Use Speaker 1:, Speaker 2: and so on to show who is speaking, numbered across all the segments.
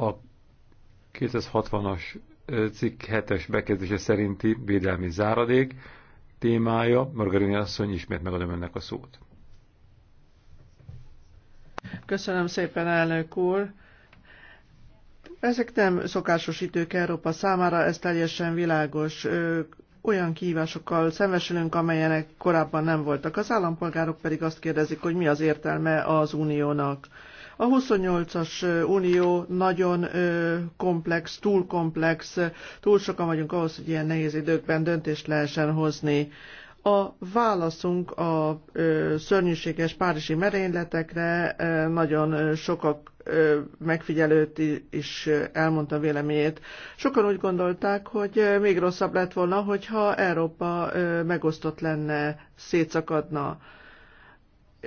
Speaker 1: A 260-as cikk 7-es bekezdése szerinti védelmi záradék témája. Margarini asszony, ismét megadom önnek a szót.
Speaker 2: Köszönöm szépen, elnök úr. Ezek nem szokásos idők Európa számára, ez teljesen világos. Olyan kihívásokkal szembesülünk, amelyenek korábban nem voltak. Az állampolgárok pedig azt kérdezik, hogy mi az értelme az uniónak. A 28-as unió nagyon komplex, túl komplex, túl sokan vagyunk ahhoz, hogy ilyen nehéz időkben döntést lehessen hozni. A válaszunk a ö, szörnyűséges párizsi merényletekre nagyon sokak megfigyelőt is elmondta véleményét. Sokan úgy gondolták, hogy még rosszabb lett volna, hogyha Európa megosztott lenne, szétszakadna.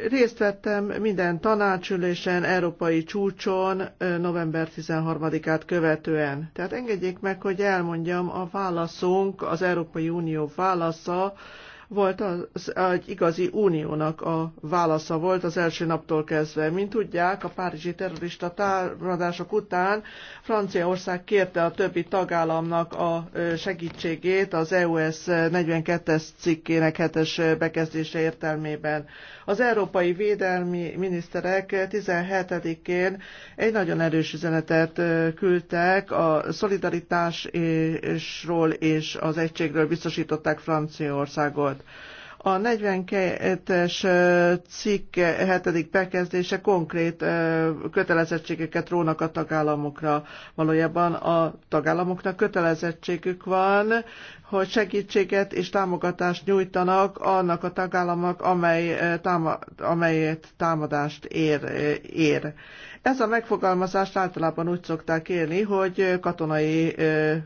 Speaker 2: Részt vettem minden tanácsülésen, európai csúcson, november 13-át követően. Tehát engedjék meg, hogy elmondjam, a válaszunk, az Európai Unió válasza volt az, egy igazi uniónak a válasza volt az első naptól kezdve. Mint tudják, a párizsi terrorista támadások után Franciaország kérte a többi tagállamnak a segítségét az EUS 42-es cikkének 7-es bekezdése értelmében. Az európai védelmi miniszterek 17-én egy nagyon erős üzenetet küldtek, a szolidaritásról és az egységről biztosították Franciaországot. A 42-es cikk 7. bekezdése konkrét kötelezettségeket rónak a tagállamokra. Valójában a tagállamoknak kötelezettségük van, hogy segítséget és támogatást nyújtanak annak a tagállamnak, amely, táma, amelyet támadást ér. ér ez a megfogalmazást általában úgy szokták élni, hogy katonai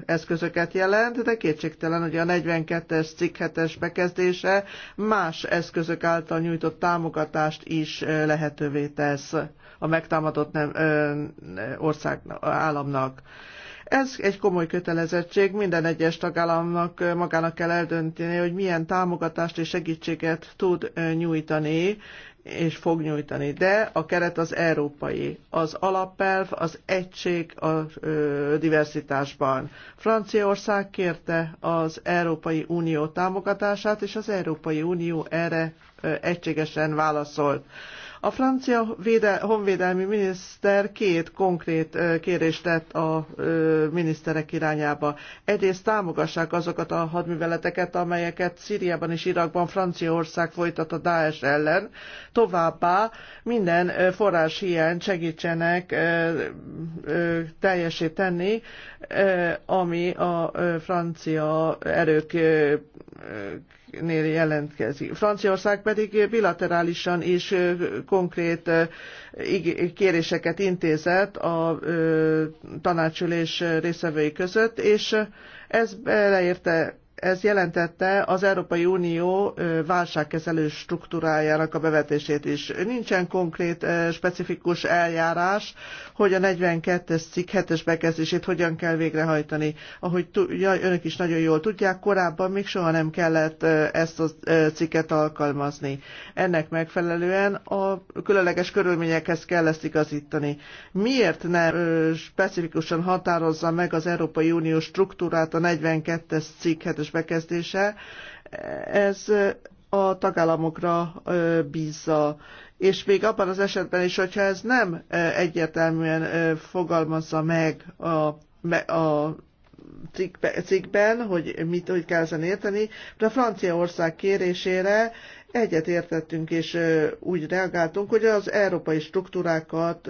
Speaker 2: eszközöket jelent, de kétségtelen, hogy a 42-es cikk 7-es bekezdése más eszközök által nyújtott támogatást is lehetővé tesz a megtámadott nem, ö, ország államnak. Ez egy komoly kötelezettség, minden egyes tagállamnak magának kell eldönteni, hogy milyen támogatást és segítséget tud nyújtani, és fog nyújtani. De a keret az európai. Az alapelv, az egység a ö, diversitásban. Franciaország kérte az Európai Unió támogatását, és az Európai Unió erre ö, egységesen válaszolt. A francia véde, honvédelmi miniszter két konkrét kérést tett a miniszterek irányába. Egyrészt támogassák azokat a hadműveleteket, amelyeket Szíriában és Irakban Franciaország folytat a Daesh ellen. Továbbá minden forrás hiány segítsenek teljesé tenni, ami a francia erők nél jelentkezik. Franciaország pedig bilaterálisan is konkrét kéréseket intézett a tanácsülés részevői között, és ez beleérte ez jelentette az Európai Unió válságkezelő struktúrájának a bevetését is. Nincsen konkrét, specifikus eljárás, hogy a 42-es cikk 7-es bekezdését hogyan kell végrehajtani. Ahogy önök is nagyon jól tudják, korábban még soha nem kellett ezt a cikket alkalmazni. Ennek megfelelően a különleges körülményekhez kell ezt igazítani. Miért ne specifikusan határozza meg az Európai Unió struktúrát a 42-es cikk 7-es preambulus bekezdése, ez a tagállamokra bízza. És még abban az esetben is, hogyha ez nem egyértelműen fogalmazza meg a, a cikkben, hogy mit hogy kell ezen érteni, de a Franciaország kérésére egyet értettünk és úgy reagáltunk, hogy az európai struktúrákat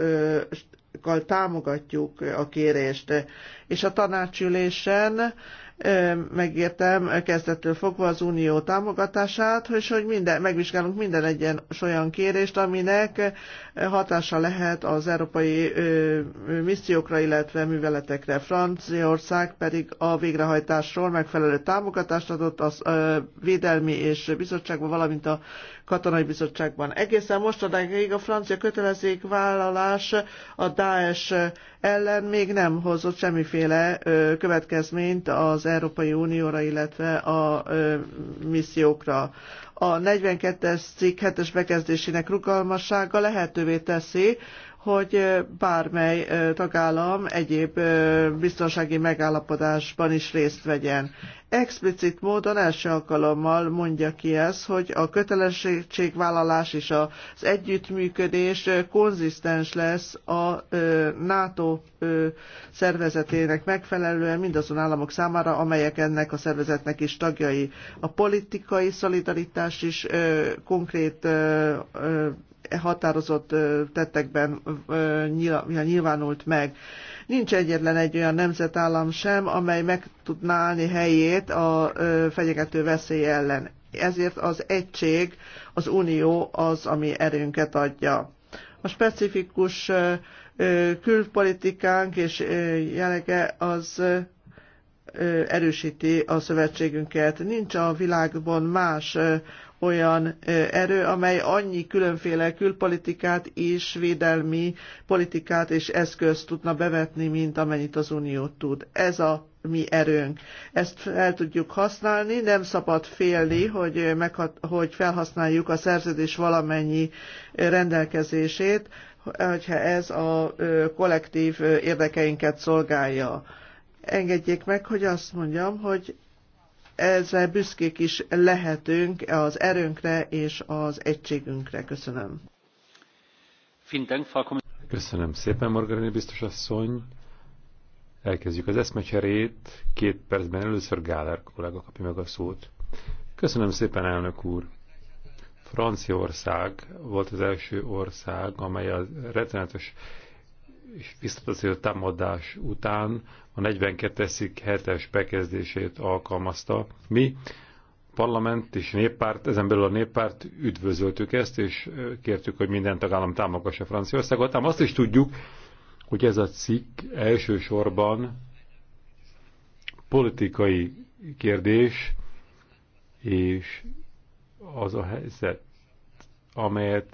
Speaker 2: támogatjuk a kérést. És a tanácsülésen megértem kezdettől fogva az unió támogatását, és hogy minden, megvizsgálunk minden egyen olyan kérést, aminek hatása lehet az európai missziókra, illetve műveletekre. Franciaország pedig a végrehajtásról megfelelő támogatást adott az védelmi és bizottságban, valamint a katonai bizottságban. Egészen mostanáig a francia kötelezékvállalás a Daesh ellen még nem hozott semmiféle következményt az Európai Unióra, illetve a missziókra a 42-es cikk 7-es bekezdésének rugalmassága lehetővé teszi, hogy bármely tagállam egyéb biztonsági megállapodásban is részt vegyen. Explicit módon első alkalommal mondja ki ez, hogy a kötelességvállalás és az együttműködés konzisztens lesz a NATO szervezetének megfelelően mindazon államok számára, amelyek ennek a szervezetnek is tagjai. A politikai szolidaritás is konkrét határozott tettekben nyilvánult meg. Nincs egyetlen egy olyan nemzetállam sem, amely meg tudná állni helyét a fenyegető veszély ellen. Ezért az egység, az unió az, ami erőnket adja. A specifikus külpolitikánk és jelege az erősíti a szövetségünket. Nincs a világban más olyan erő, amely annyi különféle külpolitikát és védelmi politikát és eszközt tudna bevetni, mint amennyit az Unió tud. Ez a mi erőnk. Ezt el tudjuk használni, nem szabad félni, hogy, meghat- hogy felhasználjuk a szerződés valamennyi rendelkezését, hogyha ez a kollektív érdekeinket szolgálja. Engedjék meg, hogy azt mondjam, hogy ezzel büszkék is lehetünk az erőnkre és az egységünkre. Köszönöm.
Speaker 1: Köszönöm szépen, Margarini biztos asszony. Elkezdjük az eszmecserét. Két percben először Gáler kollega kapja meg a szót. Köszönöm szépen, elnök úr. Franciaország volt az első ország, amely a rettenetes és visszataszítő támadás után a 42 hetes bekezdését alkalmazta. Mi, parlament és néppárt, ezen belül a néppárt üdvözöltük ezt, és kértük, hogy minden tagállam támogassa Franciaországot. Ám azt is tudjuk, hogy ez a cikk elsősorban politikai kérdés, és az a helyzet, amelyet,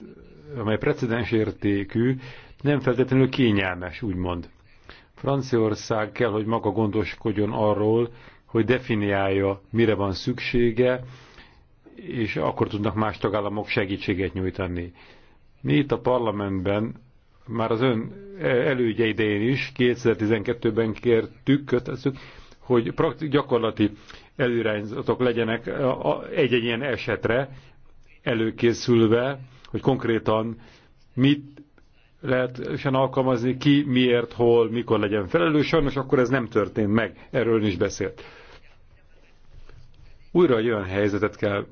Speaker 1: amely precedens értékű, nem feltétlenül kényelmes, úgymond. Franciaország kell, hogy maga gondoskodjon arról, hogy definiálja, mire van szüksége, és akkor tudnak más tagállamok segítséget nyújtani. Mi itt a parlamentben már az ön elődje idején is, 2012-ben kértük, kötöttük, hogy praktik, gyakorlati előirányzatok legyenek egy-egy ilyen esetre előkészülve, hogy konkrétan mit lehet, alkalmazni, ki, miért, hol, mikor legyen felelős. Sajnos akkor ez nem történt meg, erről is beszélt. Újra olyan helyzetet kell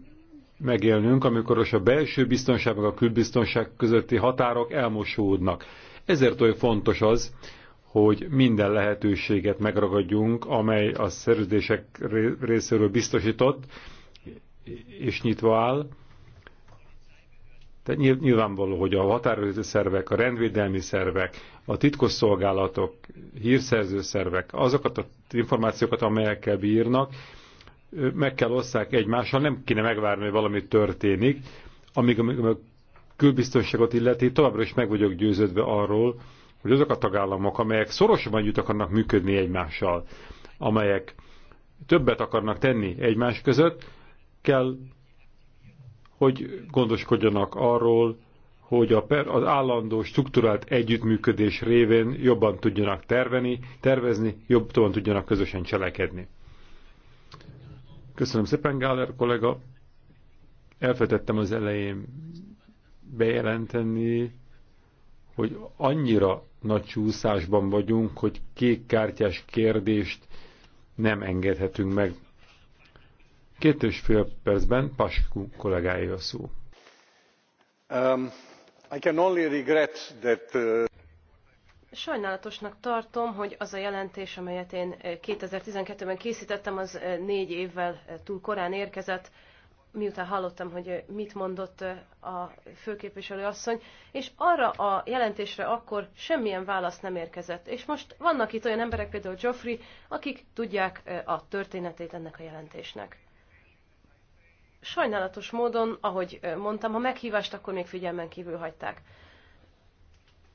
Speaker 1: megélnünk, amikor a belső biztonság meg a külbiztonság közötti határok elmosódnak. Ezért olyan fontos az, hogy minden lehetőséget megragadjunk, amely a szerződések részéről biztosított és nyitva áll, tehát nyilvánvaló, hogy a határozó szervek, a rendvédelmi szervek, a titkos szolgálatok, hírszerző szervek, azokat az információkat, amelyekkel bírnak, meg kell osszák egymással, nem kéne megvárni, hogy valami történik, amíg, amíg a külbiztonságot illeti, továbbra is meg vagyok győződve arról, hogy azok a tagállamok, amelyek szorosabban együtt akarnak működni egymással, amelyek többet akarnak tenni egymás között, kell hogy gondoskodjanak arról, hogy a per, az állandó struktúrált együttműködés révén jobban tudjanak terveni, tervezni, jobban tudjanak közösen cselekedni. Köszönöm szépen, Gáler kollega. Elfetettem az elején bejelenteni, hogy annyira nagy csúszásban vagyunk, hogy kék kártyás kérdést nem engedhetünk meg Két és fél percben Pasku kollégája a szó. Um, I can only regret that, uh...
Speaker 3: Sajnálatosnak tartom, hogy az a jelentés, amelyet én 2012-ben eh, készítettem, az eh, négy évvel eh, túl korán érkezett, miután hallottam, hogy mit mondott a főképviselő asszony, és arra a jelentésre akkor semmilyen válasz nem érkezett. És most vannak itt olyan emberek, például Geoffrey, akik tudják a történetét ennek a jelentésnek sajnálatos módon, ahogy mondtam, ha meghívást, akkor még figyelmen kívül hagyták.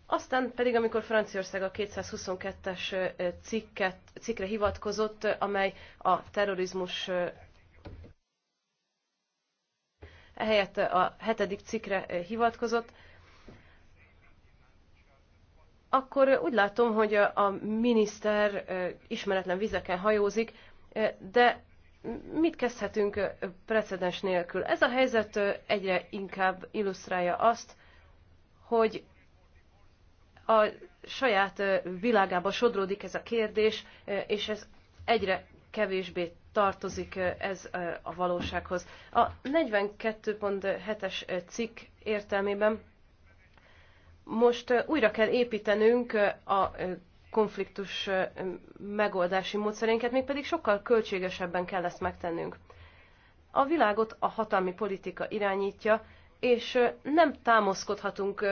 Speaker 3: Aztán pedig, amikor Franciaország a 222-es cikket, cikkre hivatkozott, amely a terrorizmus helyett a hetedik cikkre hivatkozott, akkor úgy látom, hogy a miniszter ismeretlen vizeken hajózik, de mit kezdhetünk precedens nélkül? Ez a helyzet egyre inkább illusztrálja azt, hogy a saját világába sodródik ez a kérdés, és ez egyre kevésbé tartozik ez a valósághoz. A 42.7-es cikk értelmében most újra kell építenünk a konfliktus megoldási módszerénket, pedig sokkal költségesebben kell ezt megtennünk. A világot a hatalmi politika irányítja, és nem támaszkodhatunk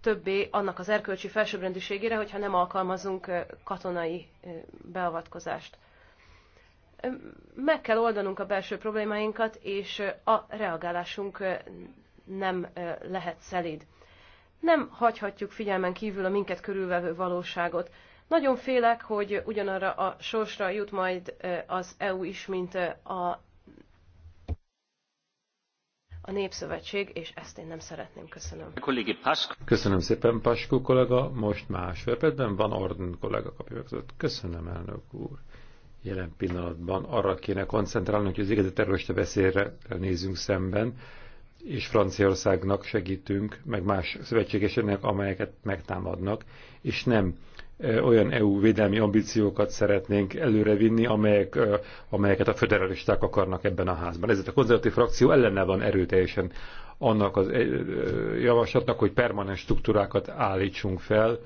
Speaker 3: többé annak az erkölcsi felsőbbrendűségére, hogyha nem alkalmazunk katonai beavatkozást. Meg kell oldanunk a belső problémáinkat, és a reagálásunk nem lehet szelíd nem hagyhatjuk figyelmen kívül a minket körülvevő valóságot. Nagyon félek, hogy ugyanarra a sorsra jut majd eh, az EU is, mint eh, a, a Népszövetség, és ezt én nem szeretném. Köszönöm.
Speaker 1: Köszönöm szépen, Paskó kollega. Most más verpedben van Orden kollega kapja között. Köszönöm, elnök úr. Jelen pillanatban arra kéne koncentrálni, hogy az igazi terrorista beszélre nézzünk szemben, és Franciaországnak segítünk, meg más szövetségeseknek, amelyeket megtámadnak, és nem olyan EU védelmi ambíciókat szeretnénk előrevinni, amelyek, amelyeket a föderalisták akarnak ebben a házban. Ezért a konzervatív frakció ellene van erőteljesen annak az javaslatnak, hogy permanens struktúrákat állítsunk fel,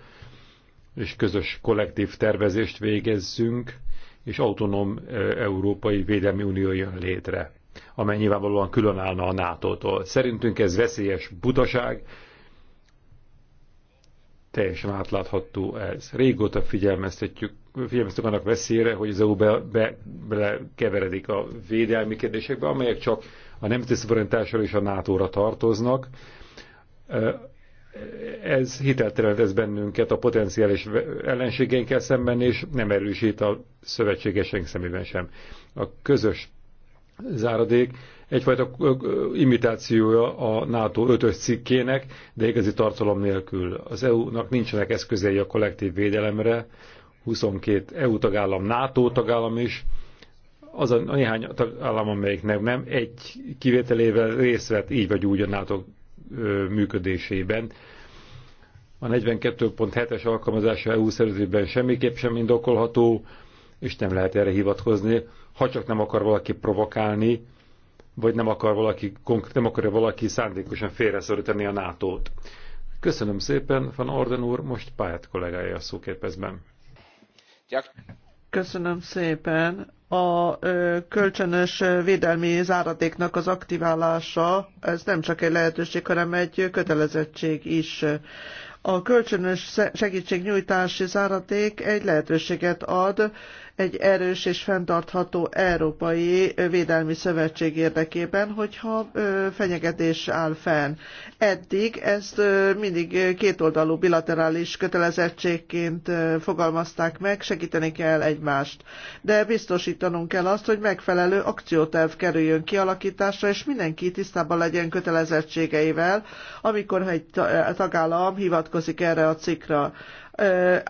Speaker 1: és közös kollektív tervezést végezzünk, és autonóm Európai Védelmi Unió jön létre amely nyilvánvalóan különállna a NATO-tól. Szerintünk ez veszélyes butaság, teljesen átlátható ez. Régóta figyelmeztetjük, figyelmeztetjük annak veszélyre, hogy az EU be, be, be keveredik a védelmi kérdésekbe, amelyek csak a nemzeti szuverenitásra és a NATO-ra tartoznak. Ez hiteltelen tesz bennünket a potenciális ellenségeinkkel szemben, és nem erősít a szövetségeseink szemében sem. A közös záradék egyfajta imitációja a NATO 5 cikkének, de igazi tartalom nélkül. Az EU-nak nincsenek eszközei a kollektív védelemre, 22 EU tagállam, NATO tagállam is, az a néhány tagállam, amelyiknek nem, egy kivételével részt vett így vagy úgy a NATO működésében. A 42.7-es alkalmazása EU szerződésben semmiképp sem indokolható, és nem lehet erre hivatkozni ha csak nem akar valaki provokálni, vagy nem akar valaki, nem akarja valaki szándékosan félreszorítani a NATO-t. Köszönöm szépen, Van Orden úr, most pályát kollégája a szóképezben.
Speaker 2: Köszönöm szépen. A ö, kölcsönös védelmi záradéknak az aktiválása, ez nem csak egy lehetőség, hanem egy kötelezettség is. A kölcsönös segítségnyújtási záradék egy lehetőséget ad, egy erős és fenntartható Európai Védelmi Szövetség érdekében, hogyha fenyegetés áll fenn. Eddig ezt mindig kétoldalú bilaterális kötelezettségként fogalmazták meg, segíteni kell egymást. De biztosítanunk kell azt, hogy megfelelő akcióterv kerüljön kialakításra, és mindenki tisztában legyen kötelezettségeivel, amikor egy tagállam hivatkozik erre a cikra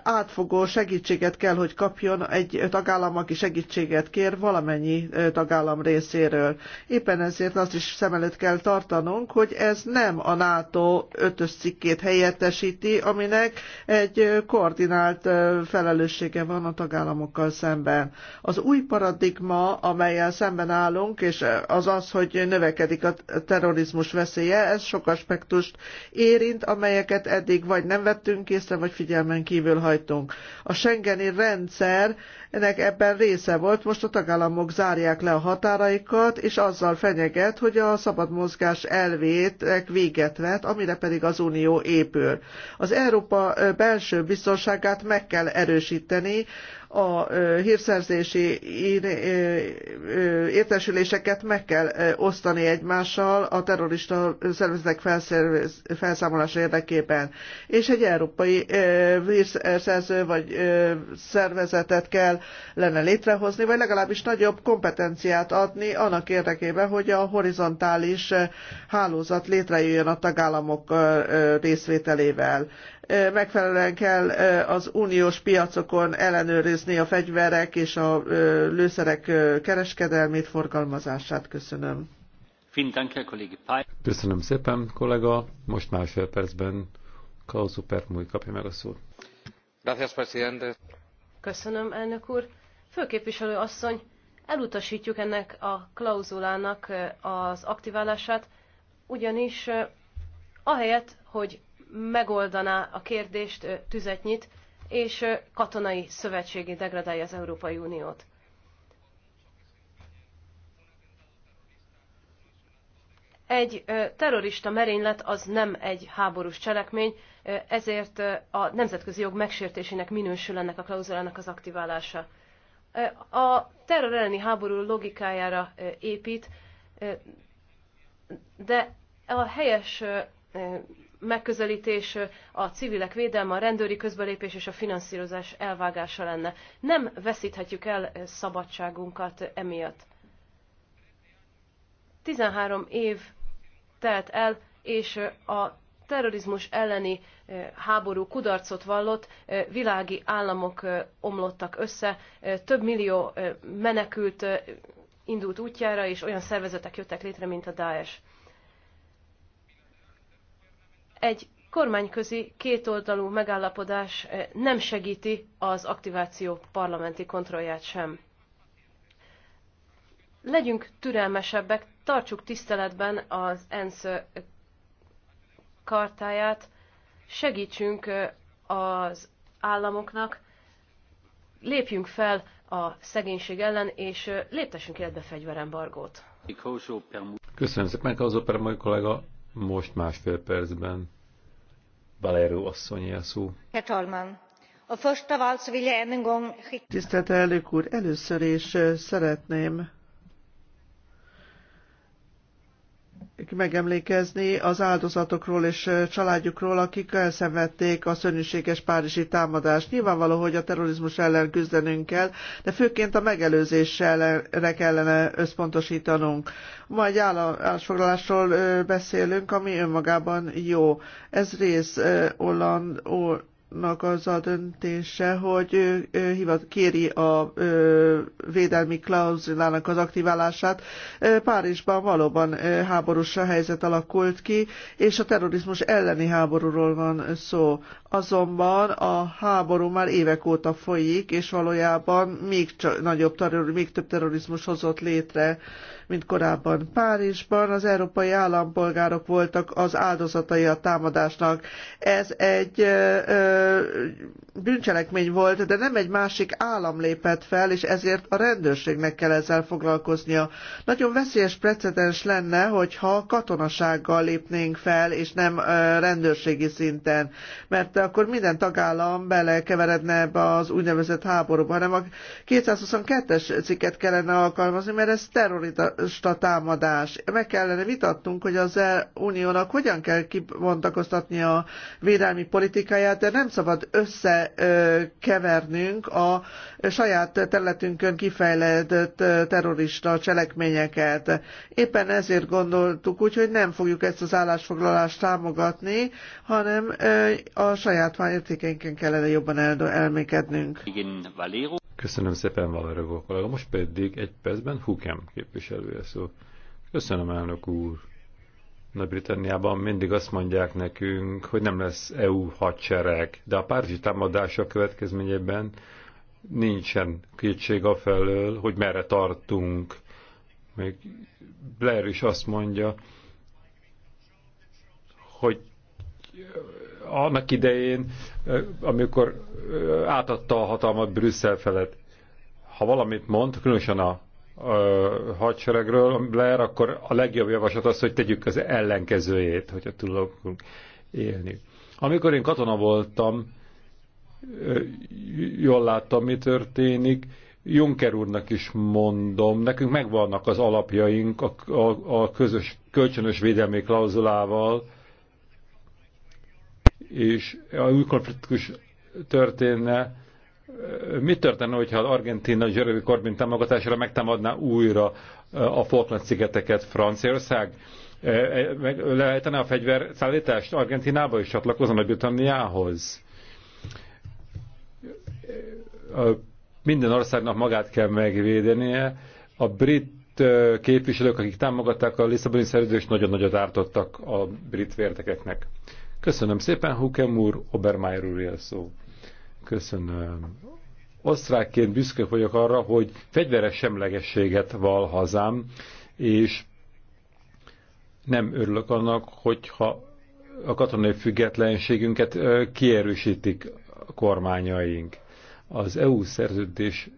Speaker 2: átfogó segítséget kell, hogy kapjon egy tagállam, aki segítséget kér valamennyi tagállam részéről. Éppen ezért azt is szem előtt kell tartanunk, hogy ez nem a NATO ötös cikkét helyettesíti, aminek egy koordinált felelőssége van a tagállamokkal szemben. Az új paradigma, amelyel szemben állunk, és az az, hogy növekedik a terrorizmus veszélye, ez sok aspektust érint, amelyeket eddig vagy nem vettünk észre, vagy figyelme figyelmen kívül hagytunk. A Schengeni ennek ebben része volt, most a tagállamok zárják le a határaikat, és azzal fenyeget, hogy a szabad mozgás elvétek véget vet, amire pedig az Unió épül. Az Európa belső biztonságát meg kell erősíteni, a hírszerzési értesüléseket meg kell osztani egymással a terrorista szervezetek felszámolása érdekében. És egy európai hírszerző vagy szervezetet kell lenne létrehozni, vagy legalábbis nagyobb kompetenciát adni annak érdekében, hogy a horizontális hálózat létrejöjjön a tagállamok részvételével megfelelően kell az uniós piacokon ellenőrizni a fegyverek és a lőszerek kereskedelmét, forgalmazását. Köszönöm.
Speaker 1: Köszönöm szépen, kollega. Most másfél percben Kauzu Permúj kapja meg a szót.
Speaker 3: Köszönöm, elnök úr. Főképviselő asszony, elutasítjuk ennek a klauzulának az aktiválását, ugyanis ahelyett, hogy megoldaná a kérdést, tüzet nyit, és katonai szövetségi degradálja az Európai Uniót. Egy terrorista merénylet az nem egy háborús cselekmény, ezért a nemzetközi jog megsértésének minősül ennek a klauzulának az aktiválása. A terror elleni háború logikájára épít, de a helyes megközelítés a civilek védelme, a rendőri közbelépés és a finanszírozás elvágása lenne. Nem veszíthetjük el szabadságunkat emiatt. 13 év telt el, és a terrorizmus elleni eh, háború kudarcot vallott, eh, világi államok eh, omlottak össze, több millió menekült indult útjára, és olyan szervezetek jöttek létre, mint a Daesh egy kormányközi kétoldalú megállapodás eh, nem segíti az aktiváció parlamenti kontrollját sem. Legyünk türelmesebbek, tartsuk tiszteletben az ENSZ eh, kartáját, segítsünk eh, az államoknak, lépjünk fel a szegénység ellen, és léptessünk életbe fegyverembargót.
Speaker 1: Köszönöm szépen, az operamai kollega most másfél percben. Valero asszonyi a szó.
Speaker 3: Tisztelt
Speaker 2: elnök úr, először is szeretném megemlékezni az áldozatokról és családjukról, akik elszenvedték a szörnyűséges párizsi támadást. Nyilvánvaló, hogy a terrorizmus ellen küzdenünk kell, de főként a megelőzésre kellene összpontosítanunk. Ma egy állásfoglalásról beszélünk, ami önmagában jó. Ez rész Holland, nak az a döntése, hogy kéri a védelmi klauzulának az aktiválását. Párizsban valóban háborús a helyzet alakult ki, és a terrorizmus elleni háborúról van szó azonban a háború már évek óta folyik, és valójában még, nagyobb terör, még több terrorizmus hozott létre, mint korábban. Párizsban az európai állampolgárok voltak az áldozatai a támadásnak. Ez egy ö, ö, bűncselekmény volt, de nem egy másik állam lépett fel, és ezért a rendőrségnek kell ezzel foglalkoznia. Nagyon veszélyes precedens lenne, hogyha katonasággal lépnénk fel, és nem ö, rendőrségi szinten, mert akkor minden tagállam belekeveredne ebbe az úgynevezett háborúba, hanem a 222-es cikket kellene alkalmazni, mert ez terrorista támadás. Meg kellene vitattunk, hogy az uniónak hogyan kell kibontakoztatni a védelmi politikáját, de nem szabad összekevernünk a saját területünkön kifejlődött terrorista cselekményeket. Éppen ezért gondoltuk úgy, hogy nem fogjuk ezt az állásfoglalást támogatni, hanem a saját értékeinken kellene jobban el, elmékednünk.
Speaker 1: Köszönöm szépen, Valerogó kollega. Most pedig egy percben Hukem képviselője szó. Köszönöm, elnök úr. Nagy-Britanniában mindig azt mondják nekünk, hogy nem lesz EU hadsereg, de a párizsi támadások következményében nincsen kétség felől, hogy merre tartunk. Még Blair is azt mondja, hogy Eh, annak idején, eh, amikor eh, átadta a hatalmat Brüsszel felett. Ha valamit mond, különösen a, hadseregről Blair, akkor a legjobb javaslat az, hogy tegyük az ellenkezőjét, hogyha tudunk élni. Amikor én katona voltam, jól láttam, mi történik. Juncker úrnak is mondom, nekünk megvannak az alapjaink a, a, a közös kölcsönös védelmi klauzulával, és a új konfliktus történne, mi történne, hogyha az Argentina Jeremy Corbyn támogatására megtámadná újra a Falkland-szigeteket Franciaország? E, e, meg lehetne a fegyverszállítást Argentinába is csatlakozom a Britanniához? Minden országnak magát kell megvédenie. A brit e, képviselők, akik támogatták a Lisszaboni szerződést, nagyon nagyot ártottak a brit vértekeknek. Köszönöm szépen, Hukem úr, Obermeier úr szó. Köszönöm. Osztrákként büszke vagyok arra, hogy fegyveres semlegességet val hazám, és nem örülök annak, hogyha a katonai függetlenségünket kierősítik a kormányaink. Az EU szerződés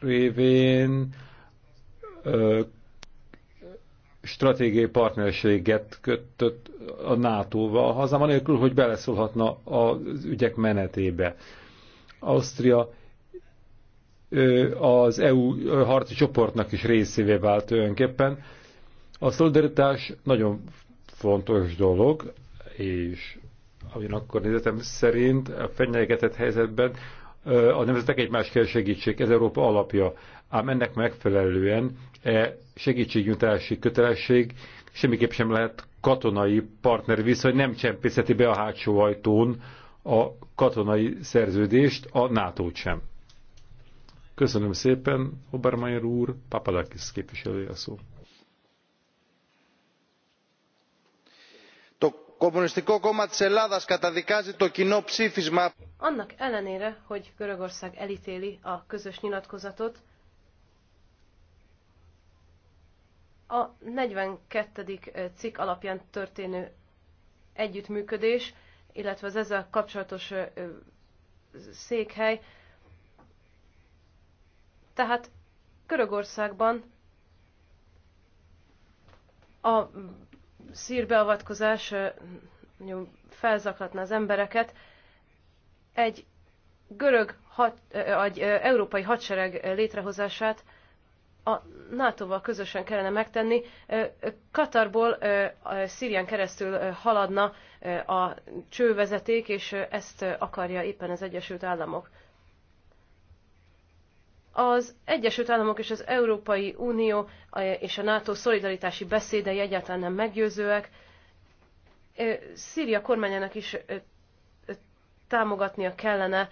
Speaker 1: révén stratégiai partnerséget kötött a NATO-val a hazám, anélkül, hogy beleszólhatna az ügyek menetébe. Ausztria az EU harci csoportnak is részévé vált tulajdonképpen. A szolidaritás nagyon fontos dolog, és akkor nézetem szerint a fenyegetett helyzetben a nemzetek egymás kell segítség, ez Európa alapja. Ám ennek megfelelően e segítségnyújtási kötelesség semmiképp sem lehet katonai partner viszony, nem csempészeti be a hátsó ajtón a katonai szerződést, a nato sem. Köszönöm szépen, Obermeyer úr, Papadakis képviselője a szó.
Speaker 3: Annak ellenére, hogy Görögország elítéli a közös nyilatkozatot, A 42. cikk alapján történő együttműködés, illetve az ezzel kapcsolatos székhely. Tehát Görögországban a szírbeavatkozás felzaklatna az embereket. Egy görög, hat, egy európai hadsereg létrehozását a NATO-val közösen kellene megtenni. Katarból Szírián keresztül haladna a csővezeték, és ezt akarja éppen az Egyesült Államok. Az Egyesült Államok és az Európai Unió és a NATO szolidaritási beszédei egyáltalán nem meggyőzőek. Szíria kormányának is támogatnia kellene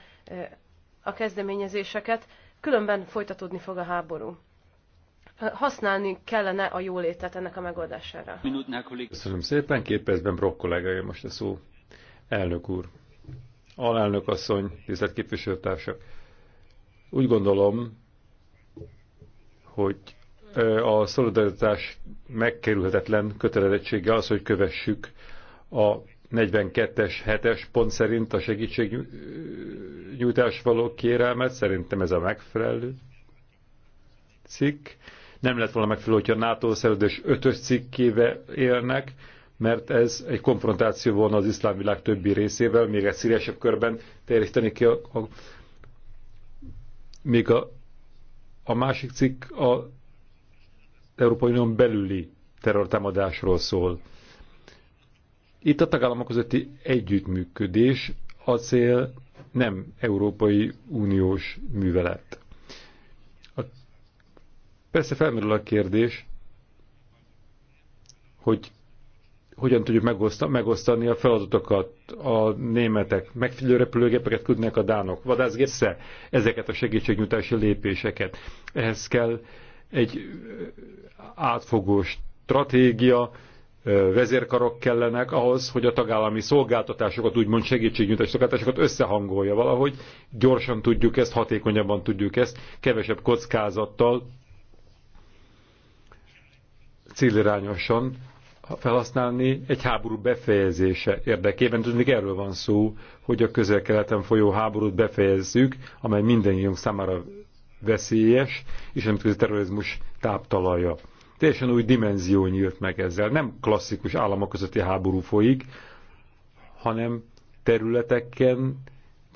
Speaker 3: a kezdeményezéseket, különben folytatódni fog a háború használni kellene a jólétet ennek a megoldására.
Speaker 1: Köszönöm szépen, két percben Brock kollégája most a szó. Elnök úr, alelnök asszony, tisztelt képviselőtársak. Úgy gondolom, hogy a szolidaritás megkerülhetetlen kötelezettsége az, hogy kövessük a 42-es, 7-es pont szerint a segítségnyújtás való kérelmet, szerintem ez a megfelelő cikk nem lett volna megfelelő, hogyha a NATO szerződés ötös cikkébe élnek, mert ez egy konfrontáció volna az iszlám világ többi részével, még egy szélesebb körben terjeszteni ki a, a még a, a másik cikk a Európai Unión belüli terrortámadásról szól. Itt a tagállamok közötti együttműködés a cél nem Európai Uniós művelet. Persze felmerül a kérdés, hogy hogyan tudjuk megosztani, a feladatokat a németek, megfigyelő repülőgépeket küldnek a dánok, vadászgépsze, ezeket a segítségnyújtási lépéseket. Ehhez kell egy átfogó stratégia, vezérkarok kellenek ahhoz, hogy a tagállami szolgáltatásokat, úgymond segítségnyújtási szolgáltatásokat összehangolja valahogy, gyorsan tudjuk ezt, hatékonyabban tudjuk ezt, kevesebb kockázattal, célirányosan felhasználni egy háború befejezése érdekében. Tudnék erről van szó, hogy a közel-keleten folyó háborút befejezzük, amely mindannyiunk számára veszélyes, és nem a terrorizmus táptalaja. Teljesen új dimenzió nyílt meg ezzel. Nem klasszikus államok közötti háború folyik, hanem területeken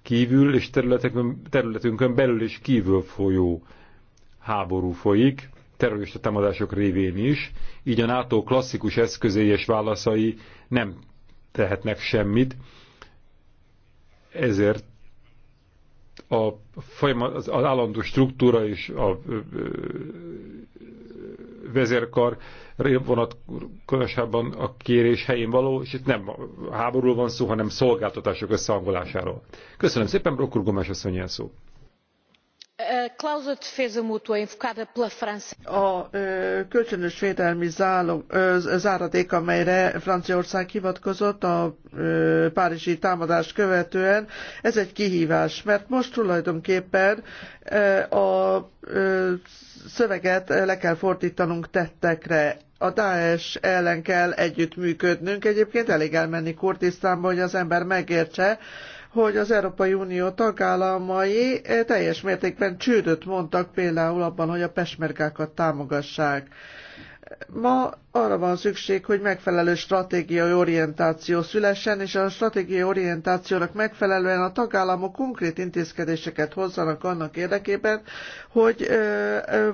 Speaker 1: kívül és területekön, területünkön belül és kívül folyó háború folyik, terrorista támadások révén is, így a NATO klasszikus eszközei és válaszai nem tehetnek semmit, ezért a folyamat, az állandó struktúra és a vezérkar vonatkozásában a kérés helyén való, és itt nem háborúról van szó, hanem szolgáltatások összehangolásáról. Köszönöm szépen, Brokkur Gomes asszony szó
Speaker 2: a kölcsönös védelmi záradék, amelyre Franciaország hivatkozott a párizsi támadást követően, ez egy kihívás, mert most tulajdonképpen a szöveget le kell fordtanunk tettekre a Daesh ellen kell együttműködnünk. Egyébként elég elmenni Kurdisztánba, hogy az ember megértse, hogy az Európai Unió tagállamai eh, teljes mértékben csődöt mondtak például abban, hogy a pesmergákat támogassák. Ma arra van szükség, hogy megfelelő stratégiai orientáció szülessen, és a stratégiai orientációnak megfelelően a tagállamok konkrét intézkedéseket hozzanak annak érdekében, hogy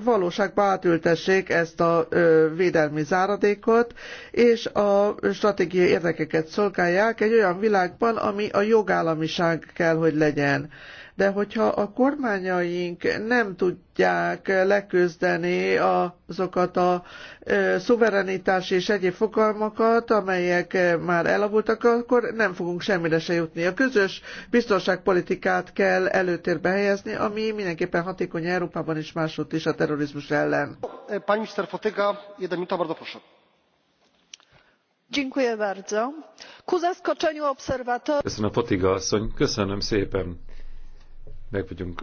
Speaker 2: valóságba átültessék ezt a védelmi záradékot, és a stratégiai érdekeket szolgálják egy olyan világban, ami a jogállamiság kell, hogy legyen de hogyha a kormányaink nem tudják leküzdeni azokat a szuverenitás és egyéb fogalmakat, amelyek már elavultak, akkor nem fogunk semmire se jutni. A közös biztonságpolitikát kell előtérbe helyezni, ami mindenképpen hatékony Európában is máshogy is a terrorizmus ellen. Pani minister Fotyga, jeden minuta, bardzo proszę köszönöm
Speaker 1: Fotiga asszony köszönöm szépen meg vagyunk,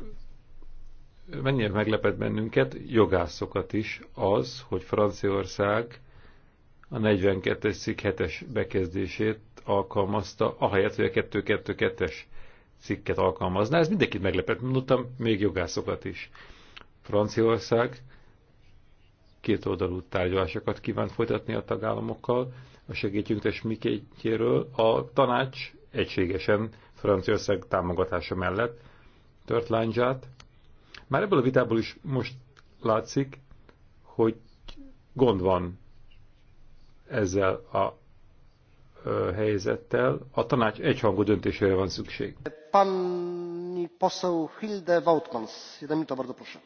Speaker 1: mennyire meglepett bennünket, jogászokat is az, hogy Franciaország a 42-es cikk 7-es bekezdését alkalmazta, ahelyett, hogy a 2 es cikket alkalmazná. Ez mindenkit meglepett, mondtam, még jogászokat is. Franciaország két oldalú tárgyalásokat kívánt folytatni a tagállamokkal, a segítjünktes mikétjéről a tanács egységesen Franciaország támogatása mellett tört láncsát. Már ebből a vitából is most látszik, hogy gond van ezzel a helyzettel. A tanács egyhangú döntésére van szükség.
Speaker 2: Pani poseł Hilde Woutmans. Jedna minuta, bardzo proszę.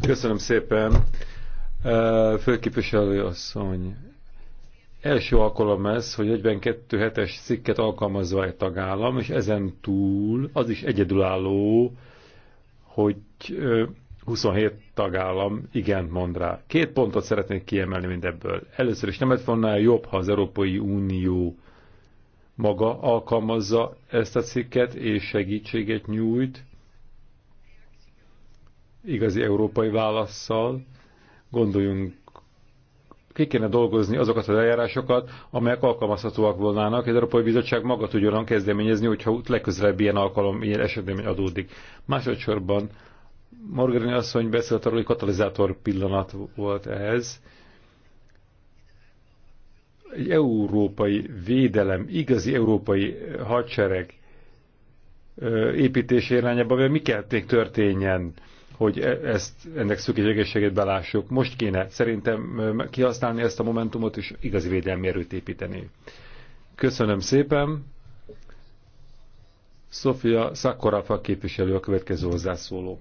Speaker 1: Köszönöm szépen. Főképviselő asszony, Első alkalom ez, hogy 42 hetes cikket alkalmazva egy tagállam, és ezen túl az is egyedülálló, hogy 27 tagállam igent mond rá. Két pontot szeretnék kiemelni mindebből. Először is nem lett volna jobb, ha az Európai Unió maga alkalmazza ezt a cikket, és segítséget nyújt igazi európai válaszsal. Gondoljunk ki kéne dolgozni azokat az eljárásokat, amelyek alkalmazhatóak volnának. Az Európai Bizottság maga tudjon olyan kezdeményezni, hogyha legközelebb ilyen alkalom, ilyen esetben adódik. Másodszorban Margarini asszony beszélt arról, hogy katalizátor pillanat volt ez. Egy európai védelem, igazi európai hadsereg építés irányába, mi kell még történjen hogy e- ezt, ennek szükségességét belássuk. Most kéne szerintem kihasználni ezt a momentumot, és igazi védelmi erőt építeni. Köszönöm szépen. Sofia Szakorafa képviselő a következő
Speaker 3: hozzászóló.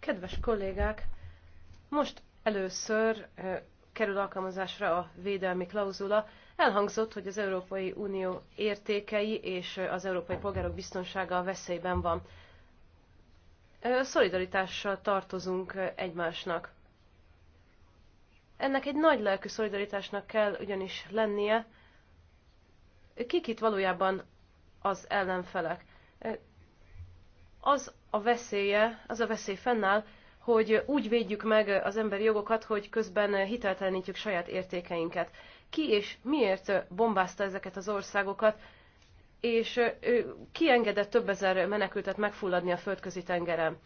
Speaker 3: Kedves kollégák, most először kerül alkalmazásra a védelmi klauzula. Elhangzott, hogy az Európai Unió értékei és az európai polgárok biztonsága a veszélyben van szolidaritással tartozunk egymásnak. Ennek egy nagy lelkű szolidaritásnak kell ugyanis lennie. Kik itt valójában az ellenfelek? Az a veszélye, az a veszély fennáll, hogy úgy védjük meg az emberi jogokat, hogy közben hiteltelenítjük saját értékeinket. Ki és miért bombázta ezeket az országokat, és ő kiengedett több ezer menekültet megfulladni a földközi tengeren.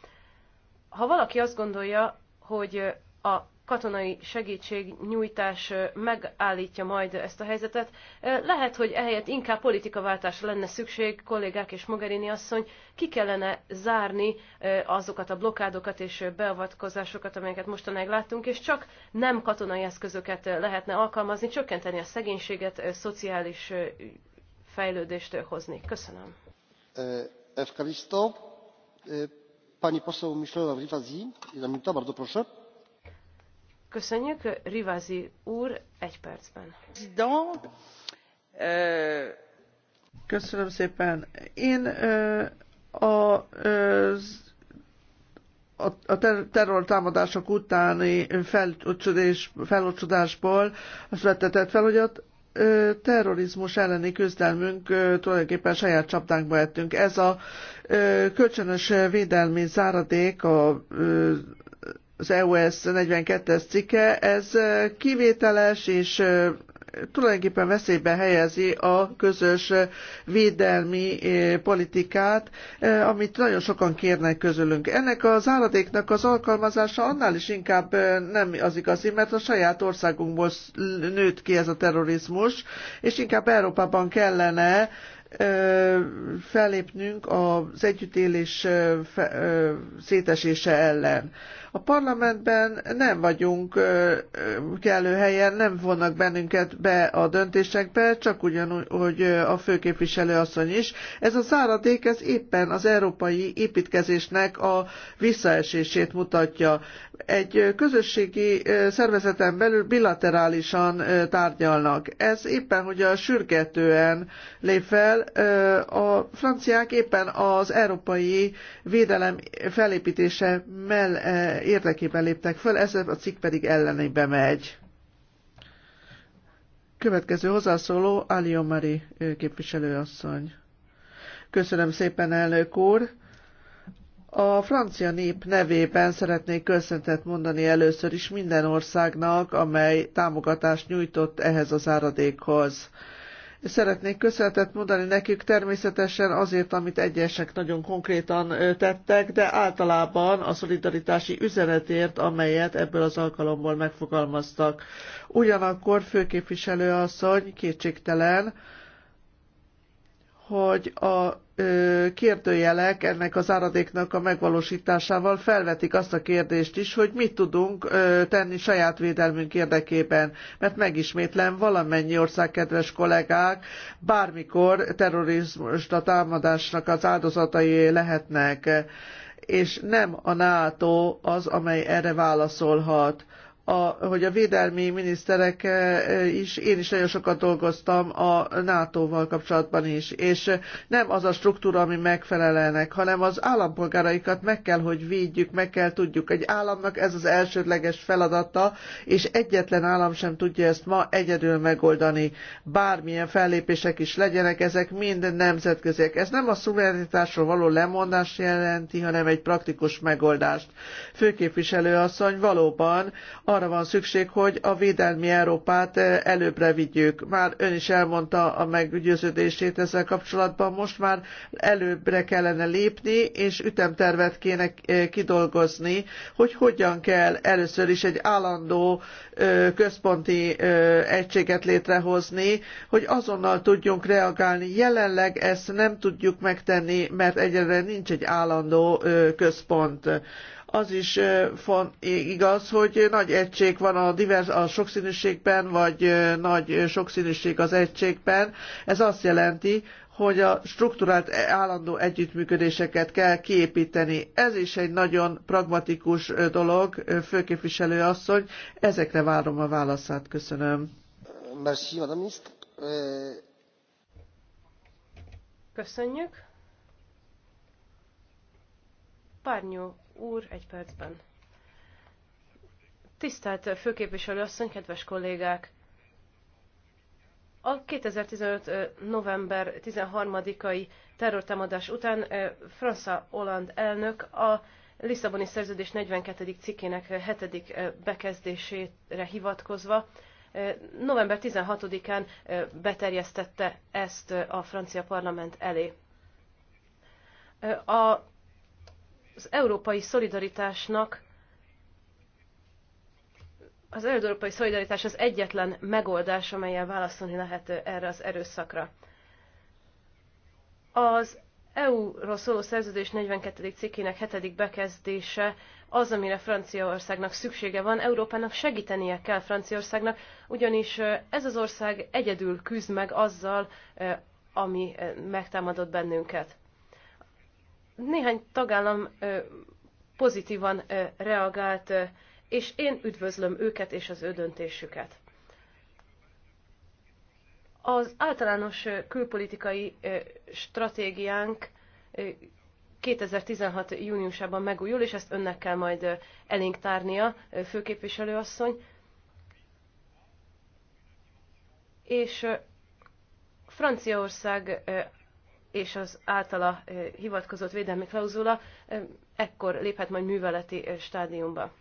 Speaker 3: Ha valaki azt gondolja, hogy a katonai segítségnyújtás megállítja majd ezt a helyzetet. Lehet, hogy ehelyett inkább politikaváltásra lenne szükség, kollégák és Mogherini asszony, ki kellene zárni azokat a blokádokat és beavatkozásokat, amelyeket mostanáig láttunk, és csak nem katonai eszközöket lehetne alkalmazni, csökkenteni a szegénységet, szociális fejlődést hozni. Köszönöm. E, e, Köszönjük. Rivazi úr, egy percben.
Speaker 2: E, Köszönöm szépen. Én a, a, a terror támadások utáni felocsodásból azt vettetett fel, hogy a, terrorizmus elleni küzdelmünk tulajdonképpen saját csapdánkba ettünk. Ez a kölcsönös védelmi záradék a az EUS 42-es cikke, ez kivételes és tulajdonképpen veszélybe helyezi a közös védelmi eh, politikát, eh, amit nagyon sokan kérnek közülünk. Ennek a záradéknak az alkalmazása annál is inkább eh, nem az igazi, mert a saját országunkból nőtt ki ez a terrorizmus, és inkább Európában kellene fellépnünk az együttélés szétesése ellen. A parlamentben nem vagyunk kellő helyen, nem vonnak bennünket be a döntésekbe, csak ugyanúgy, hogy a főképviselő asszony is. Ez a záradék, ez éppen az európai építkezésnek a visszaesését mutatja. Egy közösségi szervezeten belül bilaterálisan tárgyalnak. Ez éppen, hogy a sürgetően lép fel, a franciák éppen az európai védelem felépítése mell érdekében léptek föl, ez a cikk pedig ellenébe megy. Következő hozzászóló Alio Mari képviselőasszony. Köszönöm szépen, elnök úr! A francia nép nevében szeretnék köszöntet mondani először is minden országnak, amely támogatást nyújtott ehhez az áradékhoz. Szeretnék köszönetet mondani nekik természetesen azért, amit egyesek nagyon konkrétan tettek, de általában a szolidaritási üzenetért, amelyet ebből az alkalomból megfogalmaztak. Ugyanakkor főképviselő asszony kétségtelen, hogy a kérdőjelek ennek az áradéknak a megvalósításával felvetik azt a kérdést is, hogy mit tudunk tenni saját védelmünk érdekében. Mert megismétlem, valamennyi ország, kedves kollégák, bármikor terrorista támadásnak az áldozatai lehetnek, és nem a NATO az, amely erre válaszolhat a, hogy a védelmi miniszterek e, e, is, én is nagyon sokat dolgoztam a NATO-val kapcsolatban is, és nem az a struktúra, ami megfelelnek, hanem az állampolgáraikat meg kell, hogy védjük, meg kell tudjuk. Egy államnak ez az elsődleges feladata, és egyetlen állam sem tudja ezt ma egyedül megoldani. Bármilyen fellépések is legyenek, ezek mind nemzetköziek. Ez nem a szuverenitásról való lemondás jelenti, hanem egy praktikus megoldást. Főképviselő asszony valóban arra van szükség, hogy a védelmi Európát eh, előbbre vigyük. Már ön is elmondta a meggyőződését ezzel kapcsolatban, most már előbbre kellene lépni, és ütemtervet kéne eh, kidolgozni, hogy hogyan kell először is egy állandó eh, központi egységet létrehozni, hogy azonnal tudjunk reagálni. Jelenleg ezt nem tudjuk megtenni, mert egyre nincs egy állandó központ az is igaz, hogy nagy egység van a, divers, a sokszínűségben, vagy nagy sokszínűség az egységben. Ez azt jelenti, hogy a strukturált e, állandó együttműködéseket kell kiépíteni. Ez is egy nagyon pragmatikus dolog, főképviselő asszony. Ezekre várom a válaszát. Köszönöm. Merci, madame
Speaker 3: Köszönjük. Párnyó úr, egy percben. Tisztelt főképviselő asszony, kedves kollégák! A 2015. november 13-ai terrortámadás után François Hollande elnök a Lisszaboni szerződés 42. cikkének 7. bekezdésére hivatkozva november 16-án beterjesztette ezt a francia parlament elé. A az európai szolidaritásnak az európai szolidaritás az egyetlen megoldás, amelyen válaszolni lehet erre az erőszakra. Az EU-ról szóló szerződés 42. cikkének 7. bekezdése az, amire Franciaországnak szüksége van, Európának segítenie kell Franciaországnak, ugyanis ez az ország egyedül küzd meg azzal, ami megtámadott bennünket. Néhány tagállam pozitívan reagált, és én üdvözlöm őket és az ő döntésüket. Az általános külpolitikai stratégiánk 2016. júniusában megújul, és ezt önnek kell majd elénk tárnia, főképviselőasszony. És Franciaország és az általa hivatkozott védelmi klauzula ekkor léphet majd műveleti stádiumba.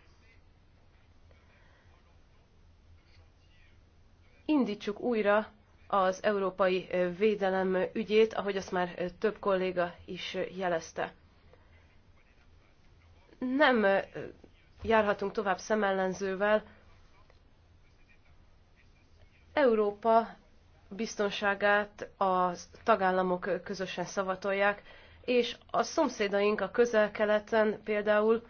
Speaker 3: Indítsuk újra az európai védelem ügyét, ahogy azt már több kolléga is jelezte. Nem járhatunk tovább szemellenzővel. Európa biztonságát a tagállamok közösen szavatolják, és a szomszédaink a közel-keleten például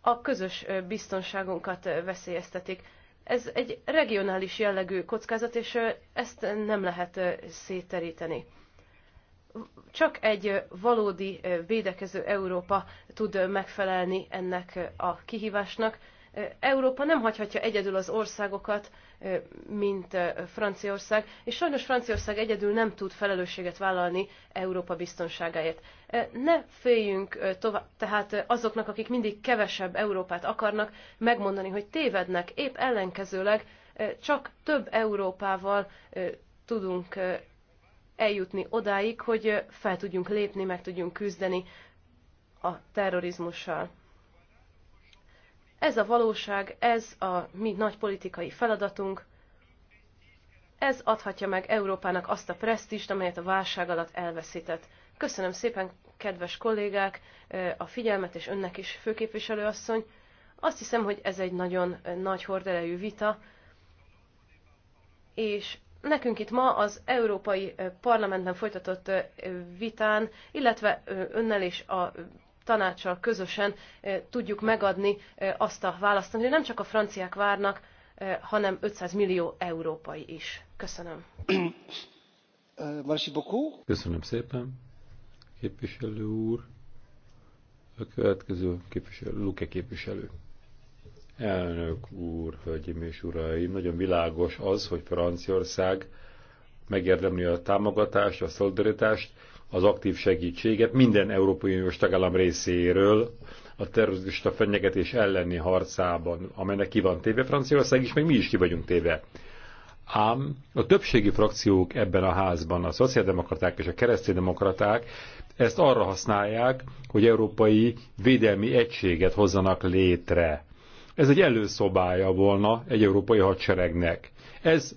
Speaker 3: a közös biztonságunkat veszélyeztetik. Ez egy regionális jellegű kockázat, és ezt nem lehet széteríteni. Csak egy valódi védekező Európa tud megfelelni ennek a kihívásnak, Európa nem hagyhatja egyedül az országokat, mint Franciaország, és sajnos Franciaország egyedül nem tud felelősséget vállalni Európa biztonságáért. Ne féljünk tovább, tehát azoknak, akik mindig kevesebb Európát akarnak, megmondani, hogy tévednek, épp ellenkezőleg csak több Európával tudunk eljutni odáig, hogy fel tudjunk lépni, meg tudjunk küzdeni a terrorizmussal. Ez a valóság, ez a mi nagy politikai feladatunk, ez adhatja meg Európának azt a presztist, amelyet a válság alatt elveszített. Köszönöm szépen, kedves kollégák, a figyelmet, és önnek is, főképviselőasszony. Azt hiszem, hogy ez egy nagyon nagy horderejű vita, és nekünk itt ma az Európai Parlamentben folytatott vitán, illetve önnel és a tanácssal közösen eh, tudjuk megadni eh, azt a választ, amire nem csak a franciák várnak, eh, hanem 500 millió európai is. Köszönöm.
Speaker 1: Köszönöm szépen, képviselő úr. A következő képviselő, Luke képviselő. Elnök úr, hölgyeim és uraim, nagyon világos az, hogy Franciaország megérdemli a támogatást, a szolidaritást, az aktív segítséget minden Európai Uniós tagállam részéről a terrorista fenyegetés elleni harcában, amelynek ki van téve Franciaország is, meg mi is ki vagyunk téve. Ám a többségi frakciók ebben a házban, a szociáldemokraták és a kereszténydemokraták ezt arra használják, hogy európai védelmi egységet hozzanak létre. Ez egy előszobája volna egy európai hadseregnek. Ez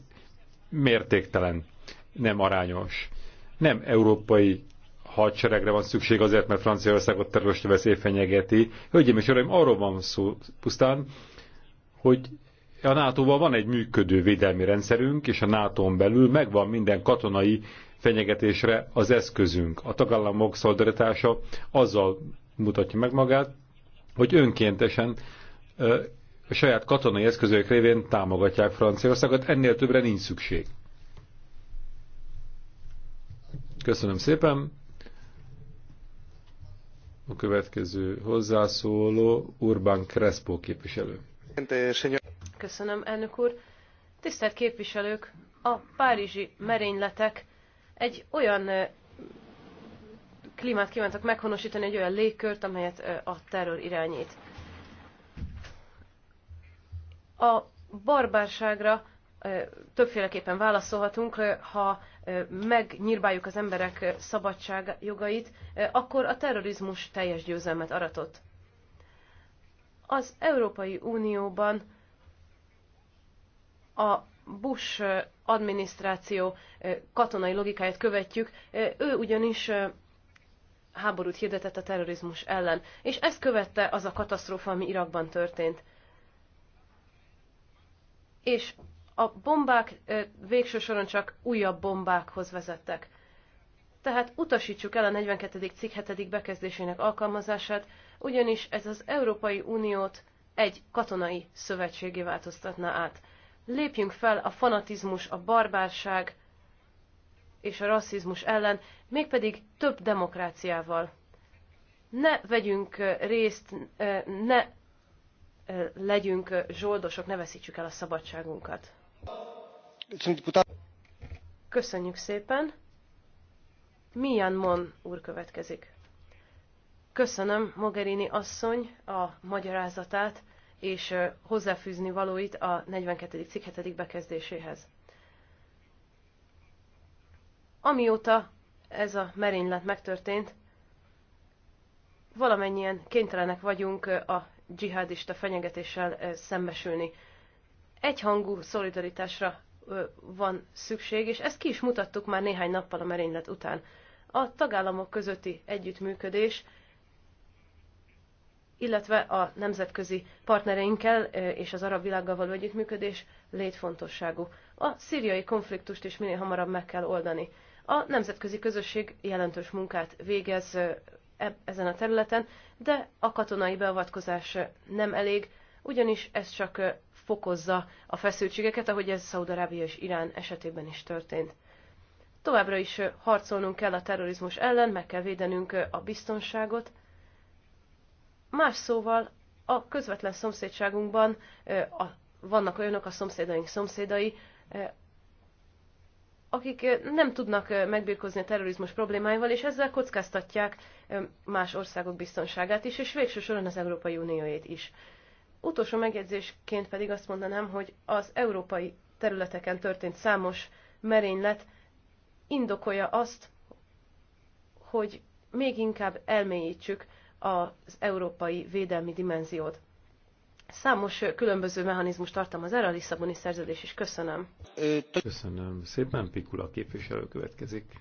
Speaker 1: mértéktelen, nem arányos nem európai hadseregre van szükség azért, mert Franciaországot terrorista veszély fenyegeti. Hölgyeim és uraim, arról van szó pusztán, hogy a nato van egy működő védelmi rendszerünk, és a nato belül megvan minden katonai fenyegetésre az eszközünk. A tagállamok szolidaritása azzal mutatja meg magát, hogy önkéntesen ö, a saját katonai eszközök révén támogatják Franciaországot, ennél többre nincs szükség. Köszönöm szépen. A következő hozzászóló Urban Crespo képviselő.
Speaker 3: Köszönöm, elnök úr. Tisztelt képviselők, a párizsi merényletek egy olyan klímát kívántak meghonosítani, egy olyan légkört, amelyet a terror irányít. A barbárságra többféleképpen válaszolhatunk, ha megnyírbáljuk az emberek szabadságjogait, akkor a terrorizmus teljes győzelmet aratott. Az Európai Unióban a Bush adminisztráció katonai logikáját követjük, ő ugyanis háborút hirdetett a terrorizmus ellen, és ezt követte az a katasztrófa, ami Irakban történt. És a bombák végső soron csak újabb bombákhoz vezettek. Tehát utasítsuk el a 42. cikk 7. bekezdésének alkalmazását, ugyanis ez az Európai Uniót egy katonai szövetségé változtatná át. Lépjünk fel a fanatizmus, a barbárság és a rasszizmus ellen, mégpedig több demokráciával. Ne vegyünk részt, ne legyünk zsoldosok, ne veszítsük el a szabadságunkat. Köszönjük szépen. Milyen Mon úr következik. Köszönöm Mogherini asszony a magyarázatát és hozzáfűzni valóit a 42. cikk 7. bekezdéséhez. Amióta ez a merénylet megtörtént, valamennyien kénytelenek vagyunk a dzsihádista fenyegetéssel szembesülni egyhangú szolidaritásra van szükség, és ezt ki is mutattuk már néhány nappal a merénylet után. A tagállamok közötti együttműködés, illetve a nemzetközi partnereinkkel és az arab világgal való együttműködés létfontosságú. A szíriai konfliktust is minél hamarabb meg kell oldani. A nemzetközi közösség jelentős munkát végez ezen a területen, de a katonai beavatkozás nem elég, ugyanis ez csak fokozza a feszültségeket, ahogy ez Szaudarábia és Irán esetében is történt. Továbbra is harcolnunk kell a terrorizmus ellen, meg kell védenünk a biztonságot. Más szóval a közvetlen szomszédságunkban a, vannak olyanok a szomszédaink szomszédai, akik nem tudnak megbírkozni a terrorizmus problémáival, és ezzel kockáztatják más országok biztonságát is, és végső soron az Európai Unióét is. Utolsó megjegyzésként pedig azt mondanám, hogy az európai területeken történt számos merénylet indokolja azt, hogy még inkább elmélyítsük az európai védelmi dimenziót. Számos különböző mechanizmus tartalmaz erre a Lisszaboni szerződés is. Köszönöm.
Speaker 1: Köszönöm. Szépen Pikula képviselő következik.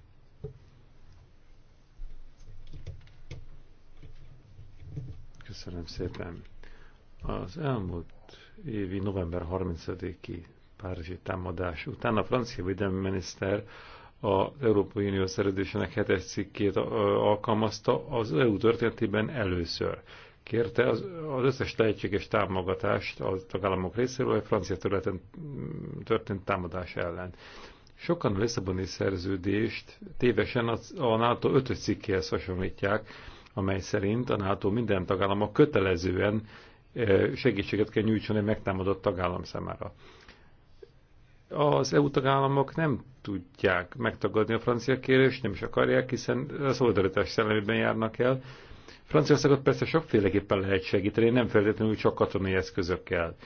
Speaker 1: Köszönöm szépen. Az elmúlt évi november 30-i párizsi támadás után a francia védelmi miniszter az Európai Unió szerződésének hetes cikkét alkalmazta az EU történetében először. Kérte az, az összes lehetséges támogatást a tagállamok részéről a francia területen mm, történt támadás ellen. Sokan a Lisszaboni szerződést tévesen a NATO 5. cikkéhez hasonlítják, amely szerint a NATO minden tagállama kötelezően segítséget kell nyújtson egy megtámadott tagállam számára. Az EU tagállamok nem tudják megtagadni a francia kérést, nem is akarják, hiszen a szolidaritás szellemében járnak el. Franciaországot persze sokféleképpen lehet segíteni, nem feltétlenül csak katonai eszközökkel.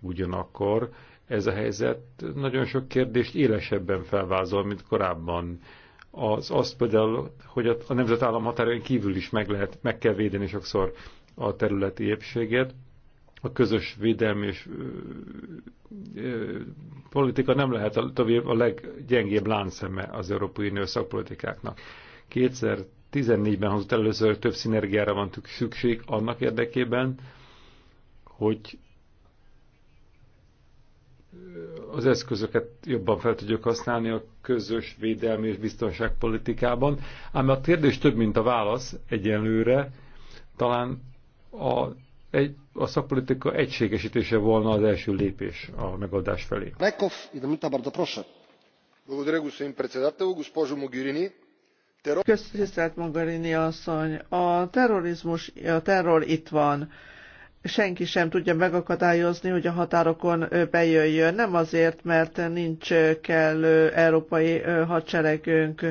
Speaker 1: Ugyanakkor ez a helyzet nagyon sok kérdést élesebben felvázol, mint korábban. Az azt például, hogy a nemzetállam határain kívül is meg, lehet, meg kell védeni sokszor a területi épséget a közös védelmi és ö, ö, politika nem lehet a, a leggyengébb láncszeme az Európai Unió szakpolitikáknak. 2014-ben hozott először több szinergiára van szükség annak érdekében, hogy az eszközöket jobban fel tudjuk használni a közös védelmi és biztonságpolitikában. Ám a kérdés több, mint a válasz egyenlőre. Talán a egy, a szakpolitika egységesítése volna az első lépés a megoldás felé.
Speaker 2: Tisztelt Mogherini asszony, a terrorizmus, a terror itt van senki sem tudja megakadályozni, hogy a határokon bejöjjön. Nem azért, mert nincs kellő európai hadseregünk,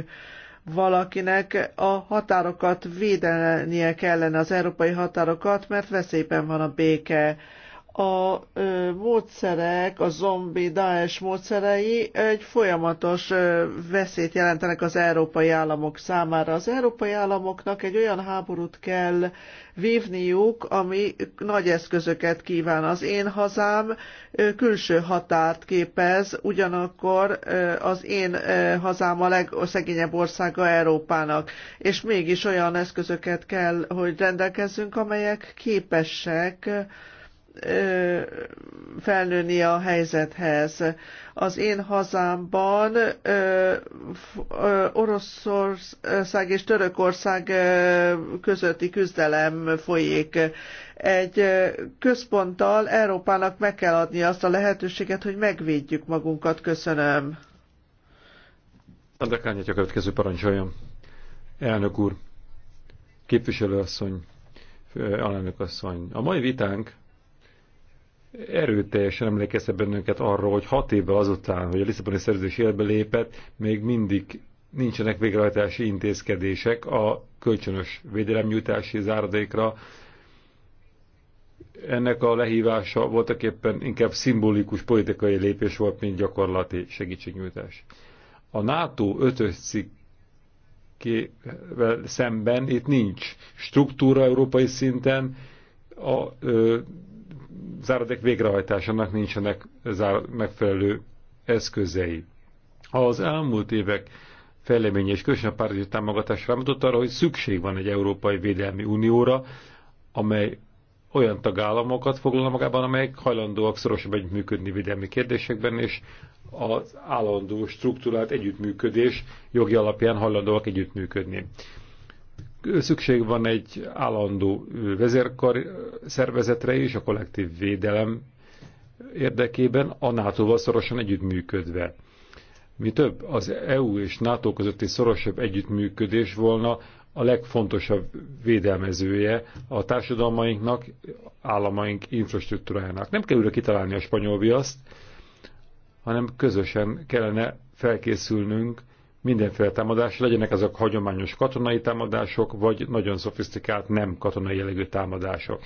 Speaker 2: valakinek a határokat védenie kellene, az európai határokat, mert veszélyben van a béke a módszerek, a zombi Daesh módszerei egy folyamatos veszélyt jelentenek az európai államok számára. Az európai államoknak egy olyan háborút kell vívniuk, ami nagy eszközöket kíván. Az én hazám külső határt képez, ugyanakkor az én hazám a legszegényebb országa Európának, és mégis olyan eszközöket kell, hogy rendelkezzünk, amelyek képesek felnőni a helyzethez. Az én hazámban Oroszország és Törökország közötti küzdelem folyik. Egy központtal Európának meg kell adni azt a lehetőséget, hogy megvédjük magunkat. Köszönöm.
Speaker 1: Andakányi a következő parancsoljon. Elnök úr, képviselőasszony, alelnök asszony. A mai vitánk erőteljesen emlékezte bennünket arról, hogy hat évvel azután, hogy a Lisszaboni szerződés életbe lépett, még mindig nincsenek végrehajtási intézkedések a kölcsönös védelemnyújtási záradékra. Ennek a lehívása voltak éppen inkább szimbolikus politikai lépés volt, mint gyakorlati segítségnyújtás. A NATO ötös cikk szemben itt nincs struktúra európai szinten, a ö, záradék végrehajtásának nincsenek megfelelő eszközei. Az elmúlt évek fejleménye és különösen a párizsi támogatás rámutott arra, hogy szükség van egy Európai Védelmi Unióra, amely olyan tagállamokat foglal magában, amelyek hajlandóak szorosabb együttműködni védelmi kérdésekben, és az állandó struktúrált együttműködés jogi alapján hajlandóak együttműködni. Szükség van egy állandó vezérkar szervezetre és a kollektív védelem érdekében a NATO-val szorosan együttműködve. Mi több, az EU és NATO közötti szorosabb együttműködés volna a legfontosabb védelmezője a társadalmainknak, államaink infrastruktúrájának. Nem kell újra kitalálni a spanyol viaszt, hanem közösen kellene felkészülnünk mindenféle támadás, legyenek azok hagyományos katonai támadások, vagy nagyon szofisztikált nem katonai jellegű támadások.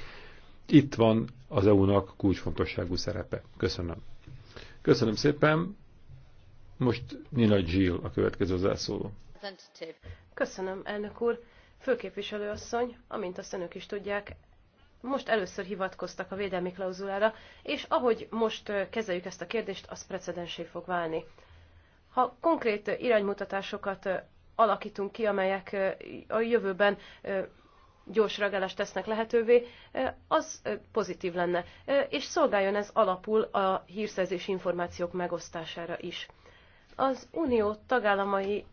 Speaker 1: Itt van az EU-nak kulcsfontosságú szerepe. Köszönöm. Köszönöm szépen. Most Nina Gill a következő zászóló.
Speaker 3: Köszönöm, elnök úr. Főképviselő asszony, amint azt önök is tudják, most először hivatkoztak a védelmi klauzulára, és ahogy most kezeljük ezt a kérdést, az precedensé fog válni. Ha konkrét iránymutatásokat alakítunk ki, amelyek a jövőben gyors reggelest tesznek lehetővé, az pozitív lenne, és szolgáljon ez alapul a hírszerzés információk megosztására is. Az unió tagállamai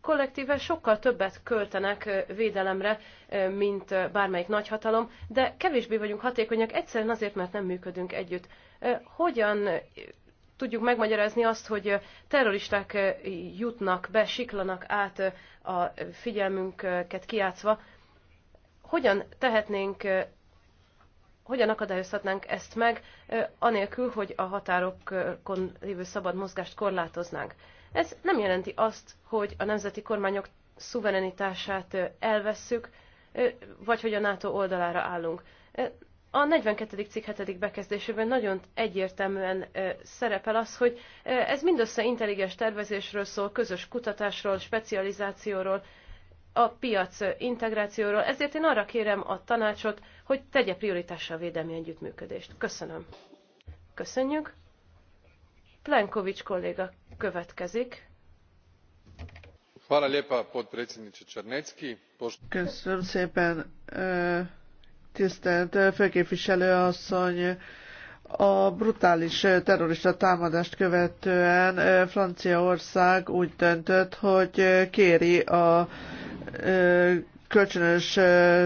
Speaker 3: kollektíve sokkal többet költenek védelemre, mint bármelyik nagyhatalom, de kevésbé vagyunk hatékonyak egyszerűen azért, mert nem működünk együtt. Hogyan tudjuk megmagyarázni azt, hogy terroristák jutnak be, siklanak át a figyelmünket kiátszva, hogyan tehetnénk, hogyan akadályozhatnánk ezt meg, anélkül, hogy a határokon lévő szabad mozgást korlátoznánk. Ez nem jelenti azt, hogy a nemzeti kormányok szuverenitását elvesszük, vagy hogy a NATO oldalára állunk. A 42. cikk 7. bekezdésében nagyon egyértelműen szerepel az, hogy ez mindössze intelligens tervezésről szól, közös kutatásról, specializációról, a piac integrációról, ezért én arra kérem a tanácsot, hogy tegye prioritásra a védelmi együttműködést. Köszönöm. Köszönjük. Plenkovics kolléga következik.
Speaker 1: Köszönöm
Speaker 2: szépen, Tisztelt eh, főképviselő asszony, a brutális eh, terrorista támadást követően eh, Franciaország úgy döntött, hogy kéri a kölcsönös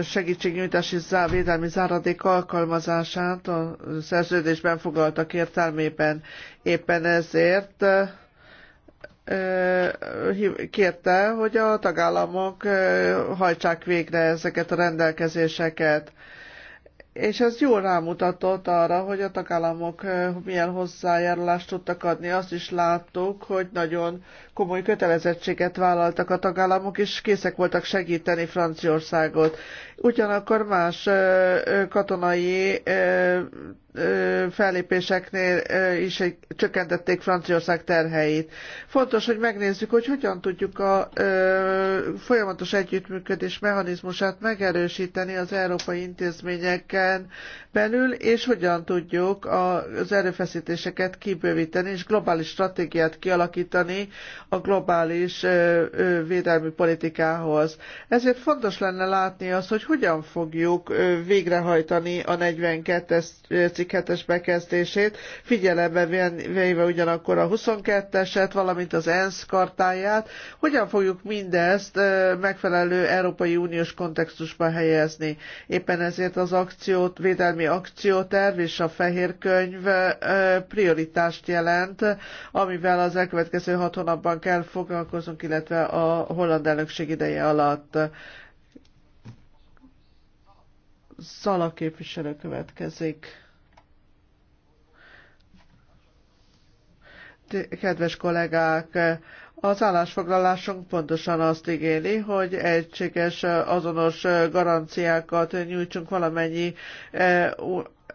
Speaker 2: segítségnyújtási védelmi záradék alkalmazását a szerződésben foglaltak értelmében. Éppen ezért kérte, hogy a tagállamok hajtsák végre ezeket a rendelkezéseket és ez jól rámutatott arra, hogy a tagállamok eh, milyen hozzájárulást tudtak adni. Azt is láttuk, hogy nagyon komoly kötelezettséget vállaltak a tagállamok, és készek voltak segíteni Franciaországot. Ugyanakkor más katonai fellépéseknél is csökkentették Franciaország terheit. Fontos, hogy megnézzük, hogy hogyan tudjuk a folyamatos együttműködés mechanizmusát megerősíteni az európai intézményeken belül, és hogyan tudjuk az erőfeszítéseket kibővíteni, és globális stratégiát kialakítani a globális védelmi politikához. Ezért fontos lenne látni azt, hogy hogyan fogjuk végrehajtani a 42-es cikk 7 bekezdését, figyelembe véve ugyanakkor a 22-eset, valamint az ENSZ kartáját, hogyan fogjuk mindezt megfelelő Európai Uniós kontextusba helyezni. Éppen ezért az akciót, védelmi akcióterv és a fehér könyv prioritást jelent, amivel az elkövetkező hat hónapban kell foglalkoznunk, illetve a holland elnökség ideje alatt. Zala képviselő következik. Kedves kollégák, az állásfoglalásunk pontosan azt igéli, hogy egységes azonos garanciákat nyújtsunk valamennyi eh,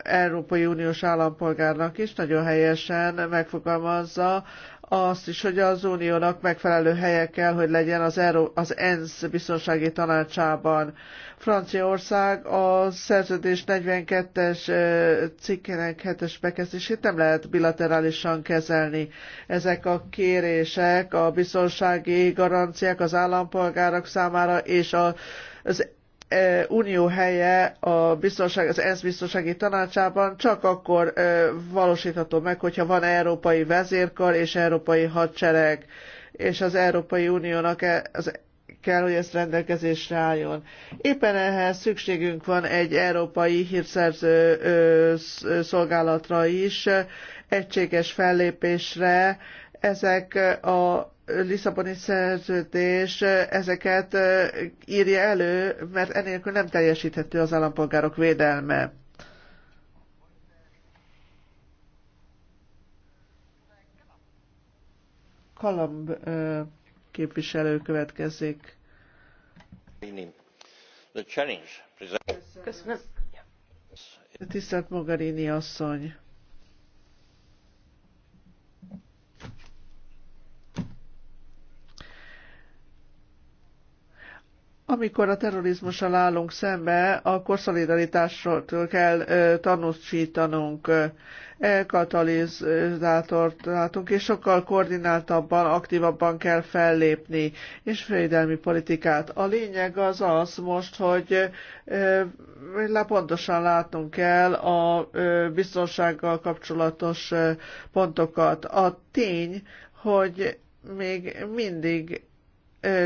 Speaker 2: Európai Uniós állampolgárnak is nagyon helyesen megfogalmazza azt is, hogy az uniónak megfelelő helye kell, hogy legyen az, Euró- az ENSZ biztonsági tanácsában. Franciaország a szerződés 42-es cikkének 7-es bekezdését nem lehet bilaterálisan kezelni. Ezek a kérések, a biztonsági garanciák az állampolgárok számára és a az unió helye a biztonság, az ENSZ biztonsági tanácsában csak akkor valósítható meg, hogyha van európai vezérkar és európai hadsereg, és az Európai Uniónak e, az kell, hogy ezt rendelkezésre álljon. Éppen ehhez szükségünk van egy európai hírszerző szolgálatra is, egységes fellépésre. Ezek a Lisszaboni szerződés ezeket írja elő, mert enélkül nem teljesíthető az állampolgárok védelme. Kalamb képviselő következik. Köszönöm. Tisztelt Mogherini asszony! Amikor a terrorizmussal állunk szembe, akkor szolidaritásról kell tanúsítanunk, katalizátort látunk, és sokkal koordináltabban, aktívabban kell fellépni, és védelmi politikát. A lényeg az az most, hogy pontosan látnunk kell a biztonsággal kapcsolatos pontokat. A tény, hogy még mindig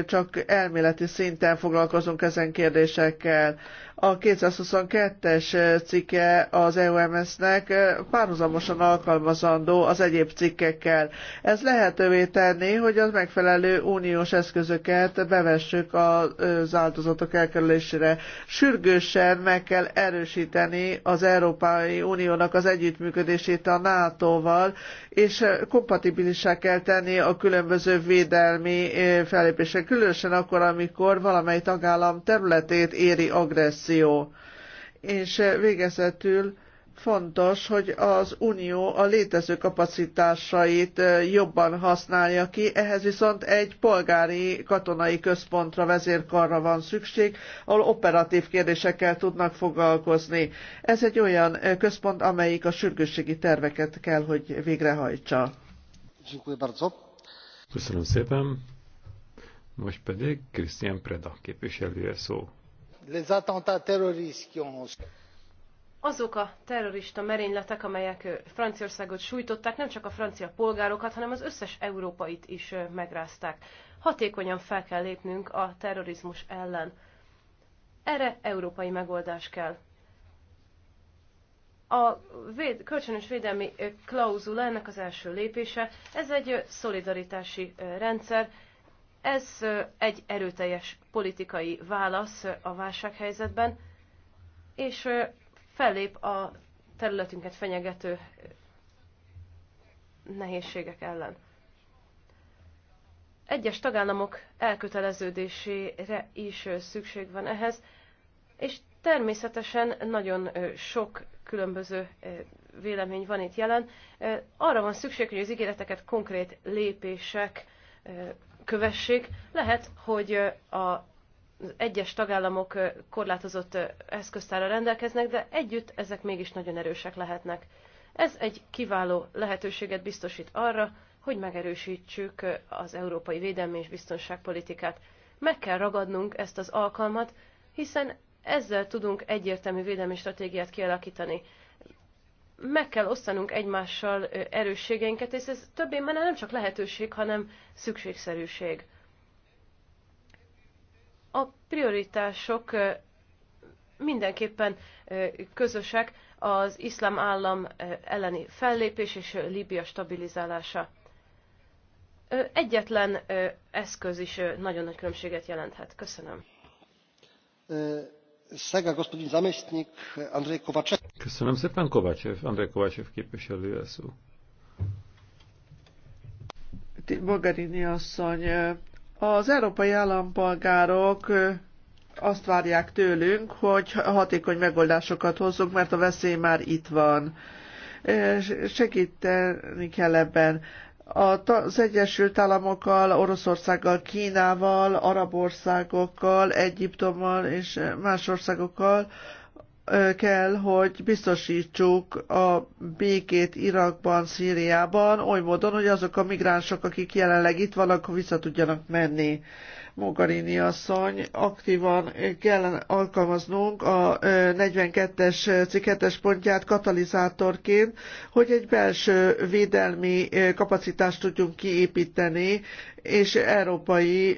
Speaker 2: csak elméleti szinten foglalkozunk ezen kérdésekkel. A 222-es eh, cikke az EUMS-nek eh, párhuzamosan alkalmazandó az egyéb cikkekkel. Ez lehetővé tenni, hogy az megfelelő uniós eszközöket bevessük az áldozatok elkerülésére. Sürgősen meg kell erősíteni az Európai Uniónak az együttműködését a NATO-val, és eh, kompatibilissá kell tenni a különböző védelmi felépések, különösen akkor, amikor valamely tagállam területét éri agresszió korrupció. És végezetül fontos, hogy az Unió a létező kapacitásait jobban használja ki, ehhez viszont egy polgári katonai központra, vezérkarra van szükség, ahol operatív kérdésekkel tudnak foglalkozni. Ez egy olyan központ, amelyik a sürgősségi terveket kell, hogy végrehajtsa.
Speaker 1: Köszönöm szépen. Most pedig Krisztián Preda képviselője szó
Speaker 3: azok a terrorista merényletek amelyek franciaországot sújtották nem csak a francia polgárokat hanem az összes európait is megrázták. hatékonyan fel kell lépnünk a terrorizmus ellen. erre európai megoldás kell. A véd, kölcsönös védelmi klauzula ennek az első lépése. Ez egy szolidaritási rendszer, ez egy erőteljes politikai válasz a válsághelyzetben, és fellép a területünket fenyegető nehézségek ellen. Egyes tagállamok elköteleződésére is szükség van ehhez, és természetesen nagyon sok különböző vélemény van itt jelen. Arra van szükség, hogy az ígéreteket konkrét lépések kövessék. Lehet, hogy a az egyes tagállamok korlátozott eszköztára rendelkeznek, de együtt ezek mégis nagyon erősek lehetnek. Ez egy kiváló lehetőséget biztosít arra, hogy megerősítsük az európai védelmi és biztonságpolitikát. Meg kell ragadnunk ezt az alkalmat, hiszen ezzel tudunk egyértelmű védelmi stratégiát kialakítani meg kell osztanunk egymással erősségeinket, és ez többé már nem csak lehetőség, hanem szükségszerűség. A prioritások mindenképpen közösek az iszlám állam elleni fellépés és Líbia stabilizálása. Egyetlen eszköz is nagyon nagy különbséget jelenthet. Köszönöm.
Speaker 2: E
Speaker 1: Köszönöm szépen, Kovácsev, Andrej Kovácsev képviselő a szó.
Speaker 2: Mogherini asszony, az európai állampolgárok azt várják tőlünk, hogy hatékony megoldásokat hozzunk, mert a veszély már itt van segíteni kell ebben az Egyesült Államokkal, Oroszországgal, Kínával, arab országokkal, Egyiptommal és más országokkal kell, hogy biztosítsuk a békét Irakban, Szíriában, oly módon, hogy azok a migránsok, akik jelenleg itt vannak, vissza tudjanak menni. Mogarini asszony, aktívan kell alkalmaznunk a 42-es cikketes pontját katalizátorként, hogy egy belső védelmi kapacitást tudjunk kiépíteni és európai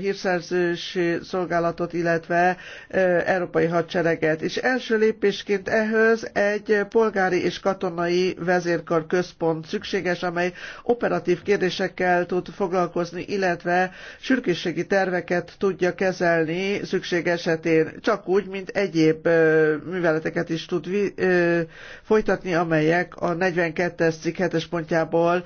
Speaker 2: hírszerzős szolgálatot, illetve európai hadsereget. És első lépésként ehhez egy polgári és katonai vezérkar központ szükséges, amely operatív kérdésekkel tud foglalkozni, illetve sürgősségi terveket tudja kezelni szükség esetén, csak úgy, mint egyéb műveleteket is tud folytatni, amelyek a 42-es cikk 7 pontjából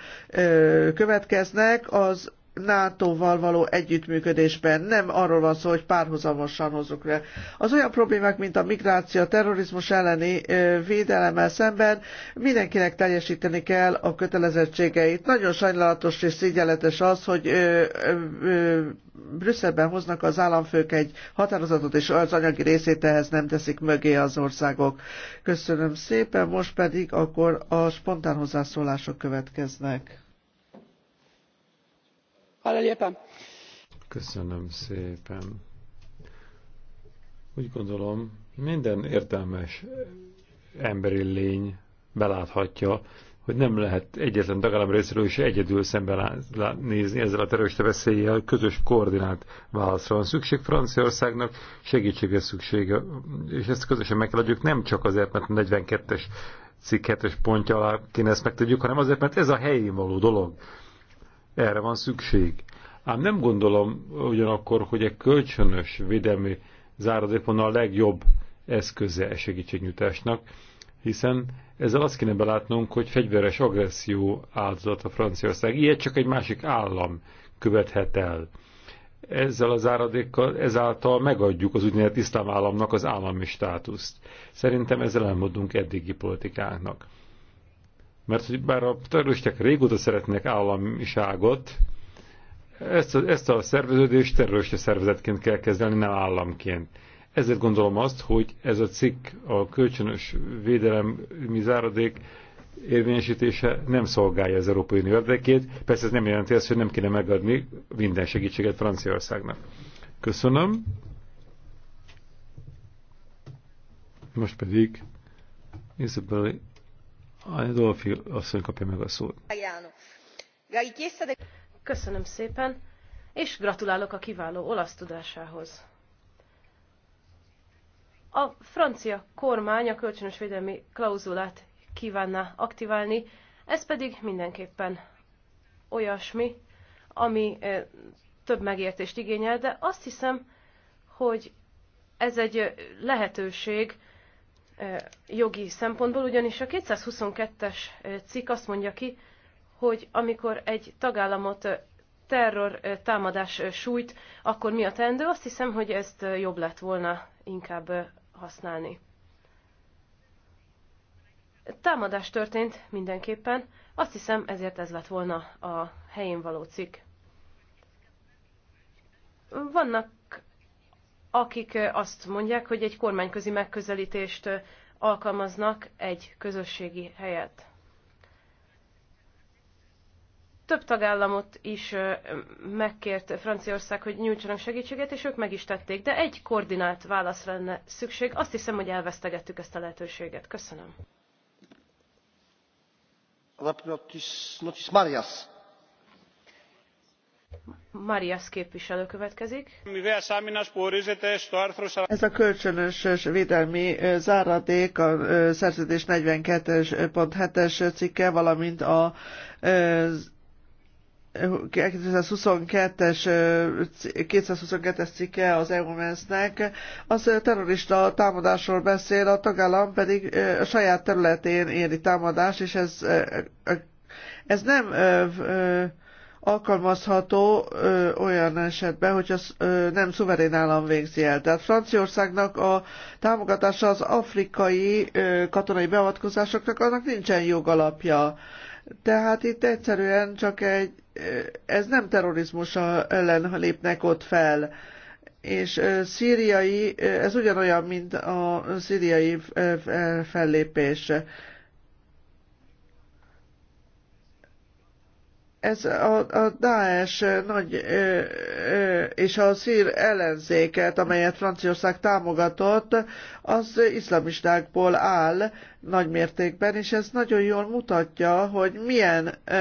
Speaker 2: következnek. Az NATO-val való együttműködésben. Nem arról van szó, hogy párhuzamosan hozzuk le. Az olyan problémák, mint a migráció, a terrorizmus elleni védelemmel szemben mindenkinek teljesíteni kell a kötelezettségeit. Nagyon sajnálatos és szégyenletes az, hogy ö, ö, Brüsszelben hoznak az államfők egy határozatot, és az anyagi részét ehhez nem teszik mögé az országok. Köszönöm szépen, most pedig akkor a spontán hozzászólások következnek.
Speaker 1: Köszönöm szépen. Úgy gondolom, minden értelmes emberi lény beláthatja, hogy nem lehet egyetlen tagállam részéről is egyedül szemben nézni ezzel a terörista veszéllyel, közös koordinált válaszra van szükség Franciaországnak, segítségre szüksége, és ezt közösen meg kell adjuk, nem csak azért, mert 42-es cikk 7 pontja alá kéne ezt megtegyük, hanem azért, mert ez a helyén való dolog. Erre van szükség. Ám nem gondolom ugyanakkor, hogy egy kölcsönös védelmi záradékon a legjobb eszköze e segítségnyújtásnak, hiszen ezzel azt kéne belátnunk, hogy fegyveres agresszió a Franciaország. Ilyet csak egy másik állam követhet el. Ezzel az záradékkal ezáltal megadjuk az úgynevezett iszlám államnak az állami státuszt. Szerintem ezzel elmondunk eddigi politikánknak. Mert hogy bár a terroristák régóta szeretnek államiságot, ezt a, ezt a szerveződést terrorista szervezetként kell kezelni, nem államként. Ezért gondolom azt, hogy ez a cikk, a kölcsönös védelemi záradék érvényesítése nem szolgálja az Európai Unió érdekét. Persze ez nem jelenti azt, hogy nem kéne megadni minden segítséget Franciaországnak. Köszönöm. Most pedig Isabel Adolfi asszony kapja meg a szót.
Speaker 3: Köszönöm szépen, és gratulálok a kiváló olasz tudásához. A francia kormány a kölcsönös védelmi klauzulát kívánná aktiválni, ez pedig mindenképpen olyasmi, ami eh, több megértést igényel, de azt hiszem, hogy ez egy lehetőség jogi szempontból, ugyanis a 222-es cikk azt mondja ki, hogy amikor egy tagállamot terror támadás sújt, akkor mi a teendő? Azt hiszem, hogy ezt jobb lett volna inkább használni. Támadás történt mindenképpen, azt hiszem ezért ez lett volna a helyén való cikk. Vannak akik azt mondják, hogy egy kormányközi megközelítést alkalmaznak egy közösségi helyet. Több tagállamot is megkért Franciaország, hogy nyújtsanak segítséget, és ők meg is tették, de egy koordinált válasz lenne szükség. Azt hiszem, hogy elvesztegettük ezt a lehetőséget. Köszönöm.
Speaker 2: Notis Marias
Speaker 3: Marias képviselő következik. Ez a
Speaker 2: kölcsönös védelmi záradék a szerződés 42.7-es cikke, valamint a 222-es 222-es cikke az EUMENS-nek, az terrorista támadásról beszél, a tagállam pedig a saját területén éri támadás, és ez, ez nem alkalmazható ö, olyan esetben, hogyha ö, nem szuverén állam végzi el. Tehát Franciaországnak a támogatása az afrikai ö, katonai beavatkozásoknak, annak nincsen jogalapja. Tehát itt egyszerűen csak egy, ez nem terrorizmus ellen lépnek ott fel. És szíriai, ez ugyanolyan, mint a szíriai fellépés. ez a, a Daesh nagy ö, ö, és a szír ellenzéket, amelyet Franciaország támogatott, az iszlamistákból áll nagy mértékben, és ez nagyon jól mutatja, hogy milyen ö,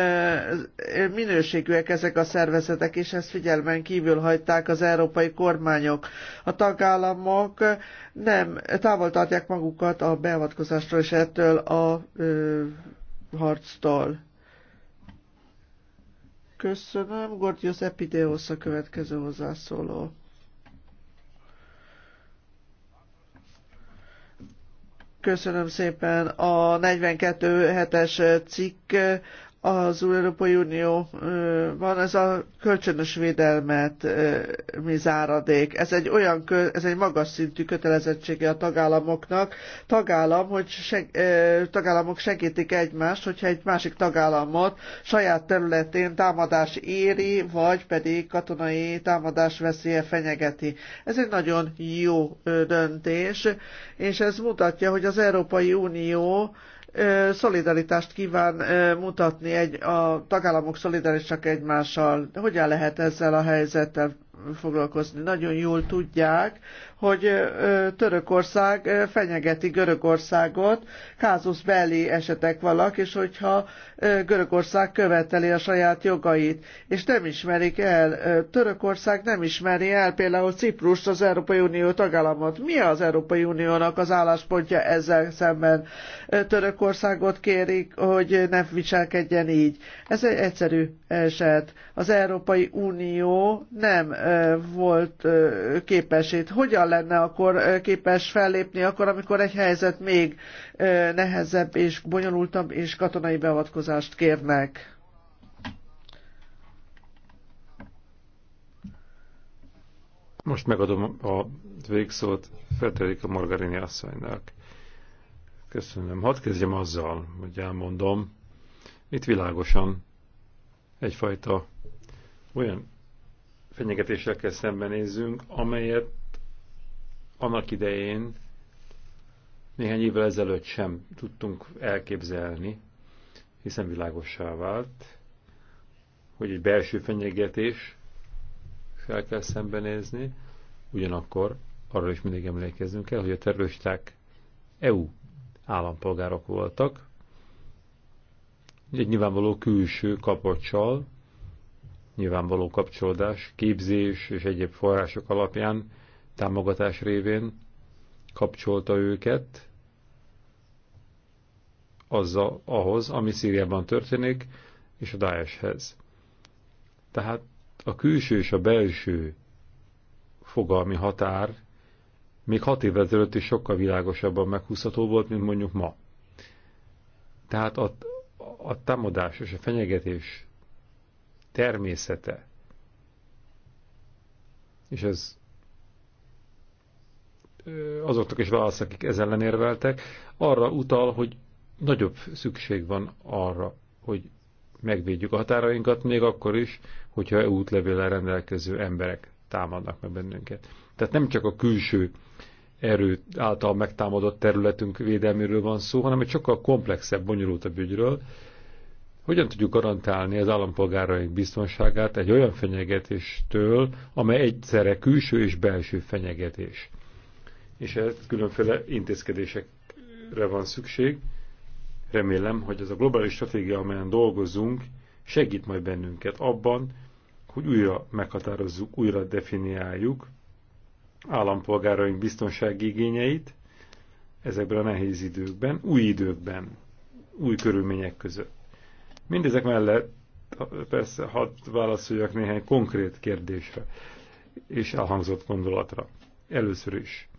Speaker 2: minőségűek ezek a szervezetek, és ezt figyelmen kívül hagyták az európai kormányok. A tagállamok nem távol tartják magukat a beavatkozástól és ettől a ö, harctól. Köszönöm. Gordius Epideus a következő hozzászóló. Köszönöm szépen. A 42 hetes cikk az Európai Unióban ez a kölcsönös védelmet mi záradék. Ez egy olyan, ez egy magas szintű kötelezettsége a tagállamoknak. Tagállam, hogy seg, tagállamok segítik egymást, hogyha egy másik tagállamot saját területén támadás éri, vagy pedig katonai támadás veszélye fenyegeti. Ez egy nagyon jó döntés, és ez mutatja, hogy az Európai Unió szolidaritást kíván mutatni egy, a tagállamok szolidaritásak egymással. Hogyan lehet ezzel a helyzettel foglalkozni? Nagyon jól tudják, hogy Törökország fenyegeti Görögországot, kázus belli esetek valak, és hogyha Görögország követeli a saját jogait, és nem ismerik el, Törökország nem ismeri el például Ciprust, az Európai Unió tagállamot. Mi az Európai Uniónak az álláspontja ezzel szemben? Törökországot kérik, hogy ne viselkedjen így. Ez egy egyszerű eset. Az Európai Unió nem volt képesét. Hogyan hogyan lenne akkor képes fellépni akkor, amikor egy helyzet még nehezebb és bonyolultabb, és katonai beavatkozást kérnek.
Speaker 1: Most megadom a végszót a Margarini asszonynak. Köszönöm. Hadd kezdjem azzal, hogy elmondom. Itt világosan egyfajta olyan fenyegetéssel kell szembenézzünk, amelyet annak idején, néhány évvel ezelőtt sem tudtunk elképzelni, hiszen világossá vált, hogy egy belső fenyegetés fel kell szembenézni, ugyanakkor arra is mindig emlékezzünk el, hogy a terroristák EU állampolgárok voltak, egy nyilvánvaló külső kapocsal, nyilvánvaló kapcsolódás, képzés és egyéb források alapján támogatás révén kapcsolta őket azzal, ahhoz, ami Szíriában történik, és a Daeshez. Tehát a külső és a belső fogalmi határ még hat évvel ezelőtt is sokkal világosabban meghúzható volt, mint mondjuk ma. Tehát a, a támadás és a fenyegetés természete, és ez azoknak is válasz, akik ez ellen érveltek, arra utal, hogy nagyobb szükség van arra, hogy megvédjük a határainkat, még akkor is, hogyha EU útlevéllel rendelkező emberek támadnak meg bennünket. Tehát nem csak a külső erő által megtámadott területünk védelméről van szó, hanem egy sokkal komplexebb, bonyolultabb ügyről. Hogyan tudjuk garantálni az állampolgáraink biztonságát egy olyan fenyegetéstől, amely egyszerre külső és belső fenyegetés? és ehhez különféle intézkedésekre van szükség. Remélem, hogy ez a globális stratégia, amelyen dolgozunk, segít majd bennünket abban, hogy újra meghatározzuk, újra definiáljuk állampolgáraink biztonsági igényeit ezekben a nehéz időkben, új időkben, új körülmények között. Mindezek mellett persze hadd válaszoljak néhány konkrét kérdésre és elhangzott gondolatra. Először is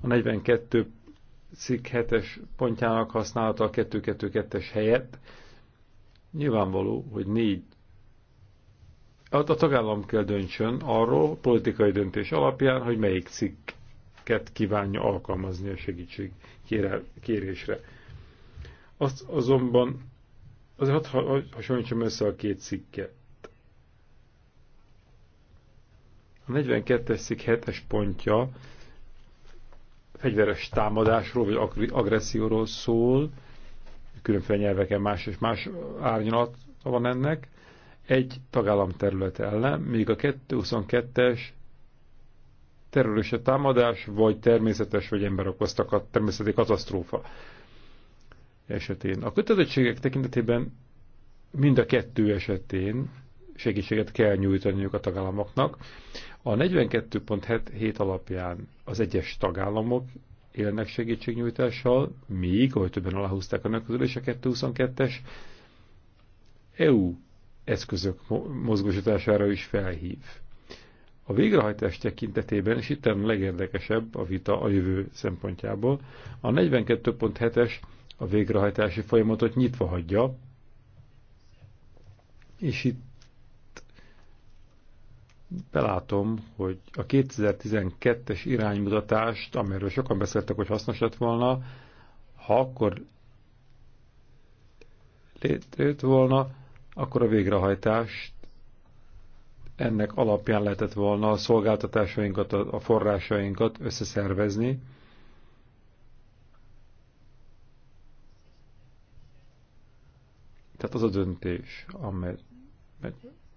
Speaker 1: a 42 cikk 7-es pontjának használata a 2 es helyett. Nyilvánvaló, hogy négy a tagállam kell döntsön arról, politikai döntés alapján, hogy melyik cikket kívánja alkalmazni a segítség kérésre. Azt azonban, azért hadd hasonlítsam össze a két cikket. A 42-es cikk 7-es pontja fegyveres támadásról vagy agresszióról szól, különféle nyelveken más és más árnyalat van ennek, egy tagállam területe ellen, míg a 222-es terrorista támadás, vagy természetes, vagy ember okoztak természeti katasztrófa esetén. A kötelezettségek tekintetében mind a kettő esetén segítséget kell nyújtaniuk a tagállamoknak. A 42.7 alapján az egyes tagállamok élnek segítségnyújtással, míg, ahogy többen aláhúzták a közülés a 222-es, EU eszközök mozgósítására is felhív. A végrehajtás tekintetében, és itt a legérdekesebb a vita a jövő szempontjából, a 42.7-es a végrehajtási folyamatot nyitva hagyja, és itt belátom, hogy a 2012-es iránymutatást, amiről sokan beszéltek, hogy hasznos lett volna, ha akkor létrejött volna, akkor a végrehajtást ennek alapján lehetett volna a szolgáltatásainkat, a forrásainkat összeszervezni, Tehát az a döntés, amely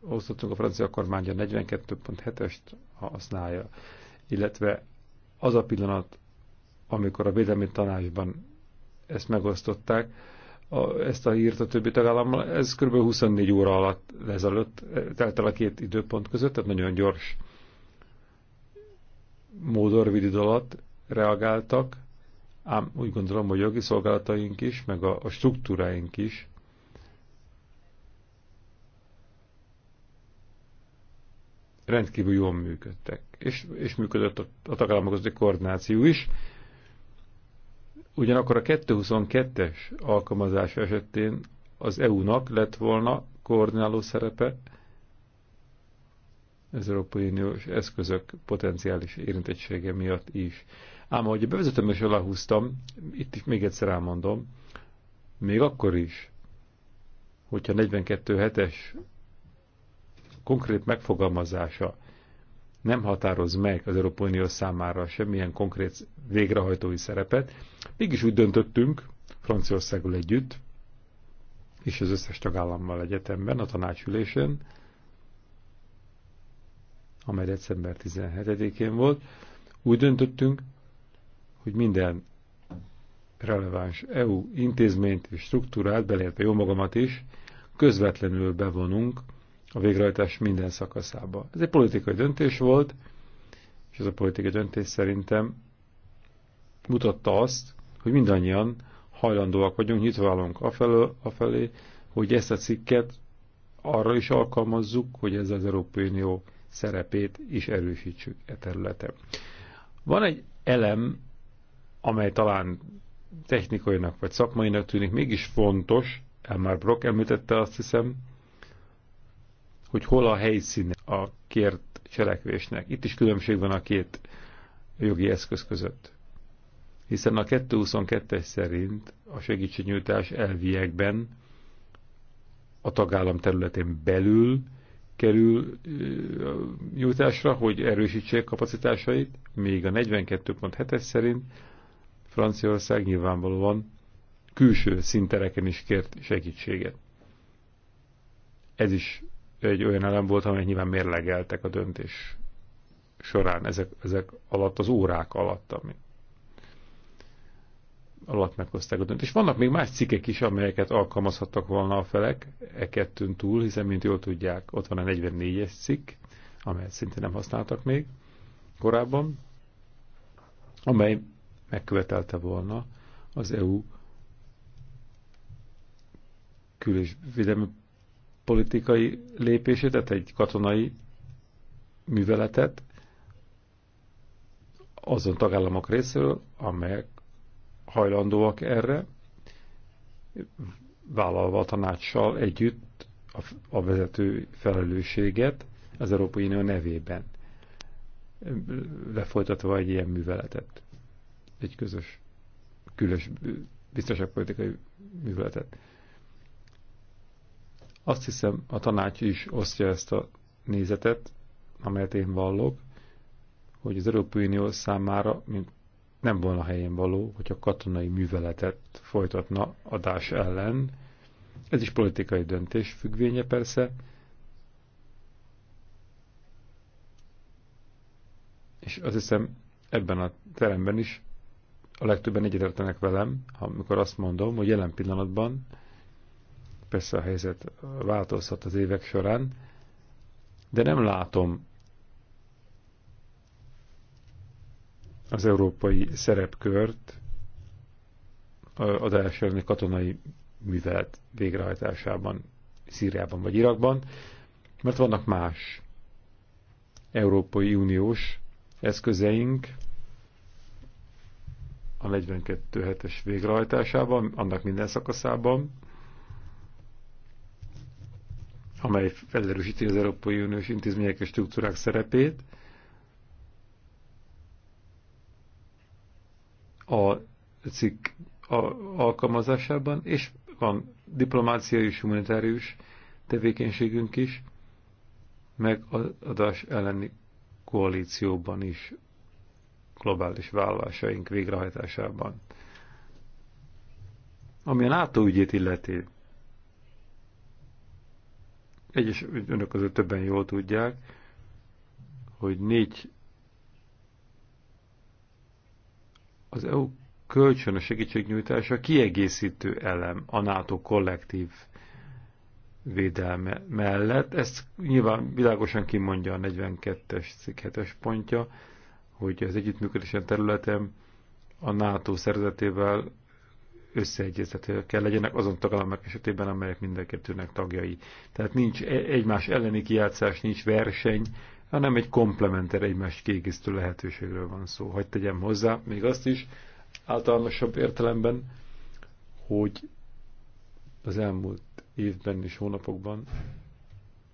Speaker 1: osztottunk a francia kormánya 42.7-est használja, illetve az a pillanat, amikor a védelmi tanácsban ezt megosztották, a, ezt a hírt a többi tagállammal, ez kb. 24 óra alatt lezelőtt, telt el a két időpont között, tehát nagyon gyors módon, rövid idő alatt reagáltak, ám úgy gondolom, hogy jogi szolgálataink is, meg a, a struktúráink is rendkívül jól működtek, és, és működött a, a tagállamok közötti koordináció is. Ugyanakkor a 222-es alkalmazás esetén az EU-nak lett volna koordináló szerepe az Európai Uniós eszközök potenciális érintettsége miatt is. Ám ahogy a bevezetőm is aláhúztam, itt is még egyszer elmondom, még akkor is, hogyha 42.7-es konkrét megfogalmazása nem határoz meg az Európai Unió számára semmilyen konkrét végrehajtói szerepet, mégis úgy döntöttünk, Franciaországgal együtt, és az összes tagállammal egyetemben, a tanácsülésen, amely december 17-én volt, úgy döntöttünk, hogy minden releváns EU intézményt és struktúrát, beleértve jó magamat is, közvetlenül bevonunk a végrehajtás minden szakaszába. Ez egy politikai döntés volt, és ez a politikai döntés szerintem mutatta azt, hogy mindannyian hajlandóak vagyunk, nyitva állunk afelé, hogy ezt a cikket arra is alkalmazzuk, hogy ez az Európai Unió szerepét is erősítsük e területen. Van egy elem, amely talán technikainak vagy szakmainak tűnik, mégis fontos, Elmar Brock említette azt hiszem, hogy hol a helyszíne a kért cselekvésnek. Itt is különbség van a két jogi eszköz között. Hiszen a 222-es szerint a segítségnyújtás elviekben a tagállam területén belül kerül nyújtásra, hogy erősítsék kapacitásait, még a 42.7-es szerint Franciaország nyilvánvalóan külső szintereken is kért segítséget. Ez is egy olyan elem volt, amely nyilván mérlegeltek a döntés során, ezek, ezek alatt, az órák alatt, ami alatt meghozták a döntést. Vannak még más cikkek is, amelyeket alkalmazhattak volna a felek, e kettőn túl, hiszen, mint jól tudják, ott van a 44-es cikk, amelyet szinte nem használtak még korábban, amely megkövetelte volna az EU kül- és védelmi politikai lépését, tehát egy katonai műveletet azon tagállamok részéről, amelyek hajlandóak erre, vállalva a tanácssal együtt a, a vezető felelősséget az Európai Unió nevében, lefolytatva egy ilyen műveletet, egy közös, külös biztonságpolitikai műveletet. Azt hiszem, a tanács is osztja ezt a nézetet, amelyet én vallok, hogy az Európai Unió számára mint nem volna helyén való, hogy a katonai műveletet folytatna adás ellen. Ez is politikai döntés függvénye persze. És azt hiszem, ebben a teremben is a legtöbben egyetértenek velem, amikor azt mondom, hogy jelen pillanatban Persze a helyzet változhat az évek során, de nem látom az európai szerepkört az első katonai művelet végrehajtásában, Szíriában vagy Irakban, mert vannak más Európai Uniós eszközeink a 42.7-es végrehajtásában, annak minden szakaszában, amely felerősíti az Európai Uniós intézmények és struktúrák szerepét. A cikk alkalmazásában, és van diplomáciai és humanitárius tevékenységünk is, meg az adás elleni koalícióban is, globális vállalásaink végrehajtásában. Ami a NATO ügyét illeti, egyes önök között többen jól tudják, hogy négy az EU kölcsönös segítségnyújtása kiegészítő elem a NATO kollektív védelme mellett. Ezt nyilván világosan kimondja a 42-es cikk 7-es pontja, hogy az együttműködésen területen a NATO szerzetével összeegyeztetőek kell legyenek azon tagállamok esetében, amelyek mindenkettőnek tagjai. Tehát nincs e- egymás elleni kijátszás, nincs verseny, hanem egy komplementer egymás kiegészítő lehetőségről van szó. Hogy tegyem hozzá még azt is általánosabb értelemben, hogy az elmúlt évben és hónapokban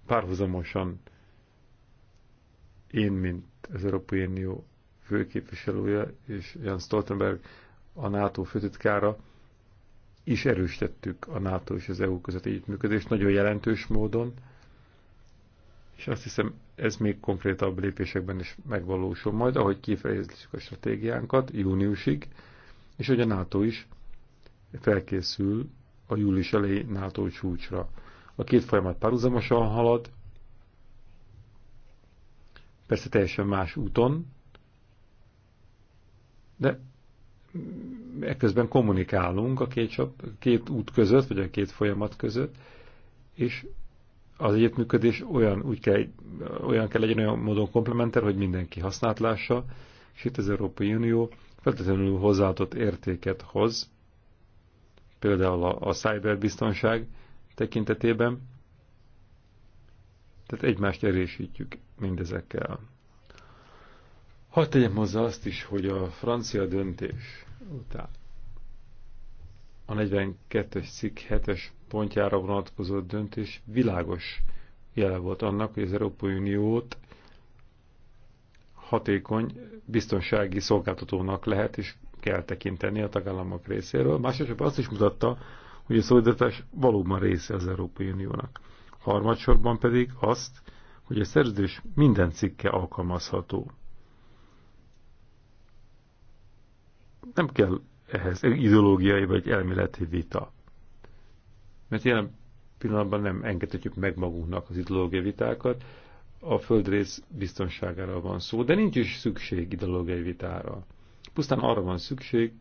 Speaker 1: párhuzamosan én, mint az Európai Unió főképviselője és Jan Stoltenberg a NATO főtitkára is erősítettük a NATO és az EU között együttműködést nagyon jelentős módon, és azt hiszem ez még konkrétabb lépésekben is megvalósul majd, ahogy kifejezzük a stratégiánkat júniusig, és hogy a NATO is felkészül a július elejé NATO csúcsra. A két folyamat párhuzamosan halad, persze teljesen más úton, de ekközben kommunikálunk a két, csop, két út között, vagy a két folyamat között, és az együttműködés olyan, úgy kell, olyan kell legyen, olyan módon komplementer, hogy mindenki használt lássa, és itt az Európai Unió feltétlenül hozzáadott értéket hoz, például a, a cyberbiztonság tekintetében, tehát egymást erősítjük mindezekkel. Hadd tegyem hozzá azt is, hogy a francia döntés után. A 42-es cikk 7-es pontjára vonatkozó döntés világos jele volt annak, hogy az Európai Uniót hatékony biztonsági szolgáltatónak lehet és kell tekinteni a tagállamok részéről. Másodszorban azt is mutatta, hogy a szolidaritás valóban része az Európai Uniónak. Harmadsorban pedig azt, hogy a szerződés minden cikke alkalmazható Nem kell ehhez ideológiai vagy elméleti vita. Mert jelen pillanatban nem engedhetjük meg magunknak az ideológiai vitákat, a földrész biztonságára van szó, de nincs is szükség ideológiai vitára. Pusztán arra van szükség,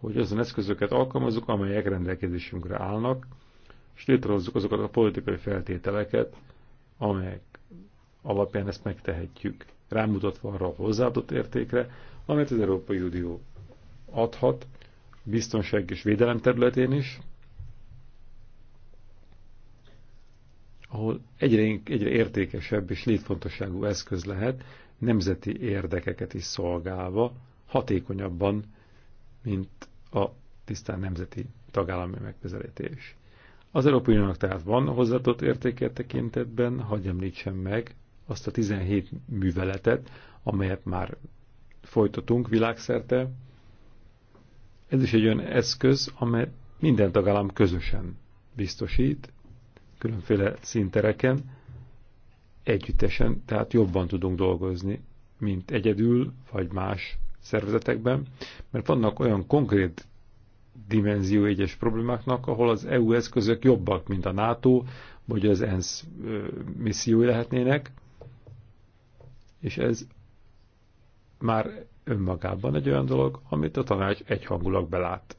Speaker 1: hogy azon eszközöket alkalmazzuk, amelyek rendelkezésünkre állnak, és létrehozzuk azokat a politikai feltételeket, amelyek alapján ezt megtehetjük, rámutatva arra a hozzáadott értékre, amelyet az Európai Unió adhat, biztonság és védelem területén is, ahol egyre, egyre értékesebb és létfontosságú eszköz lehet, nemzeti érdekeket is szolgálva, hatékonyabban, mint a tisztán nemzeti tagállami megközelítés. Az Európai Uniónak tehát van hozzáadott értéke tekintetben, hagyj említsem meg azt a 17 műveletet, amelyet már folytatunk világszerte, ez is egy olyan eszköz, amely minden tagállam közösen biztosít, különféle szintereken, együttesen, tehát jobban tudunk dolgozni, mint egyedül, vagy más szervezetekben, mert vannak olyan konkrét dimenzió egyes problémáknak, ahol az EU eszközök jobbak, mint a NATO, vagy az ENSZ missziói lehetnének, és ez már önmagában egy olyan dolog, amit a tanács egyhangulag belát.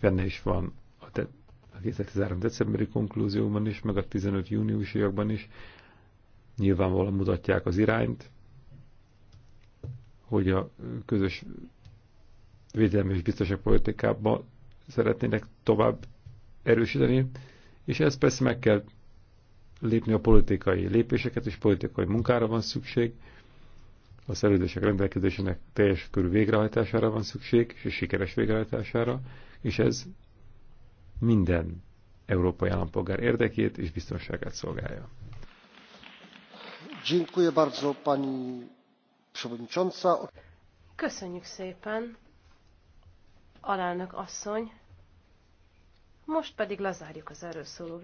Speaker 1: Benne is van a, 2013. decemberi konklúzióban is, meg a 15 júniusiakban is. Nyilvánvalóan mutatják az irányt, hogy a közös védelmi és biztonság politikában szeretnének tovább erősíteni, és ez persze meg kell lépni a politikai lépéseket, és politikai munkára van szükség, a szerződések rendelkezésének teljes körű végrehajtására van szükség, és sikeres végrehajtására, és ez minden európai állampolgár érdekét és biztonságát szolgálja.
Speaker 3: Köszönjük szépen, alelnök asszony. Most pedig lezárjuk az erről szóló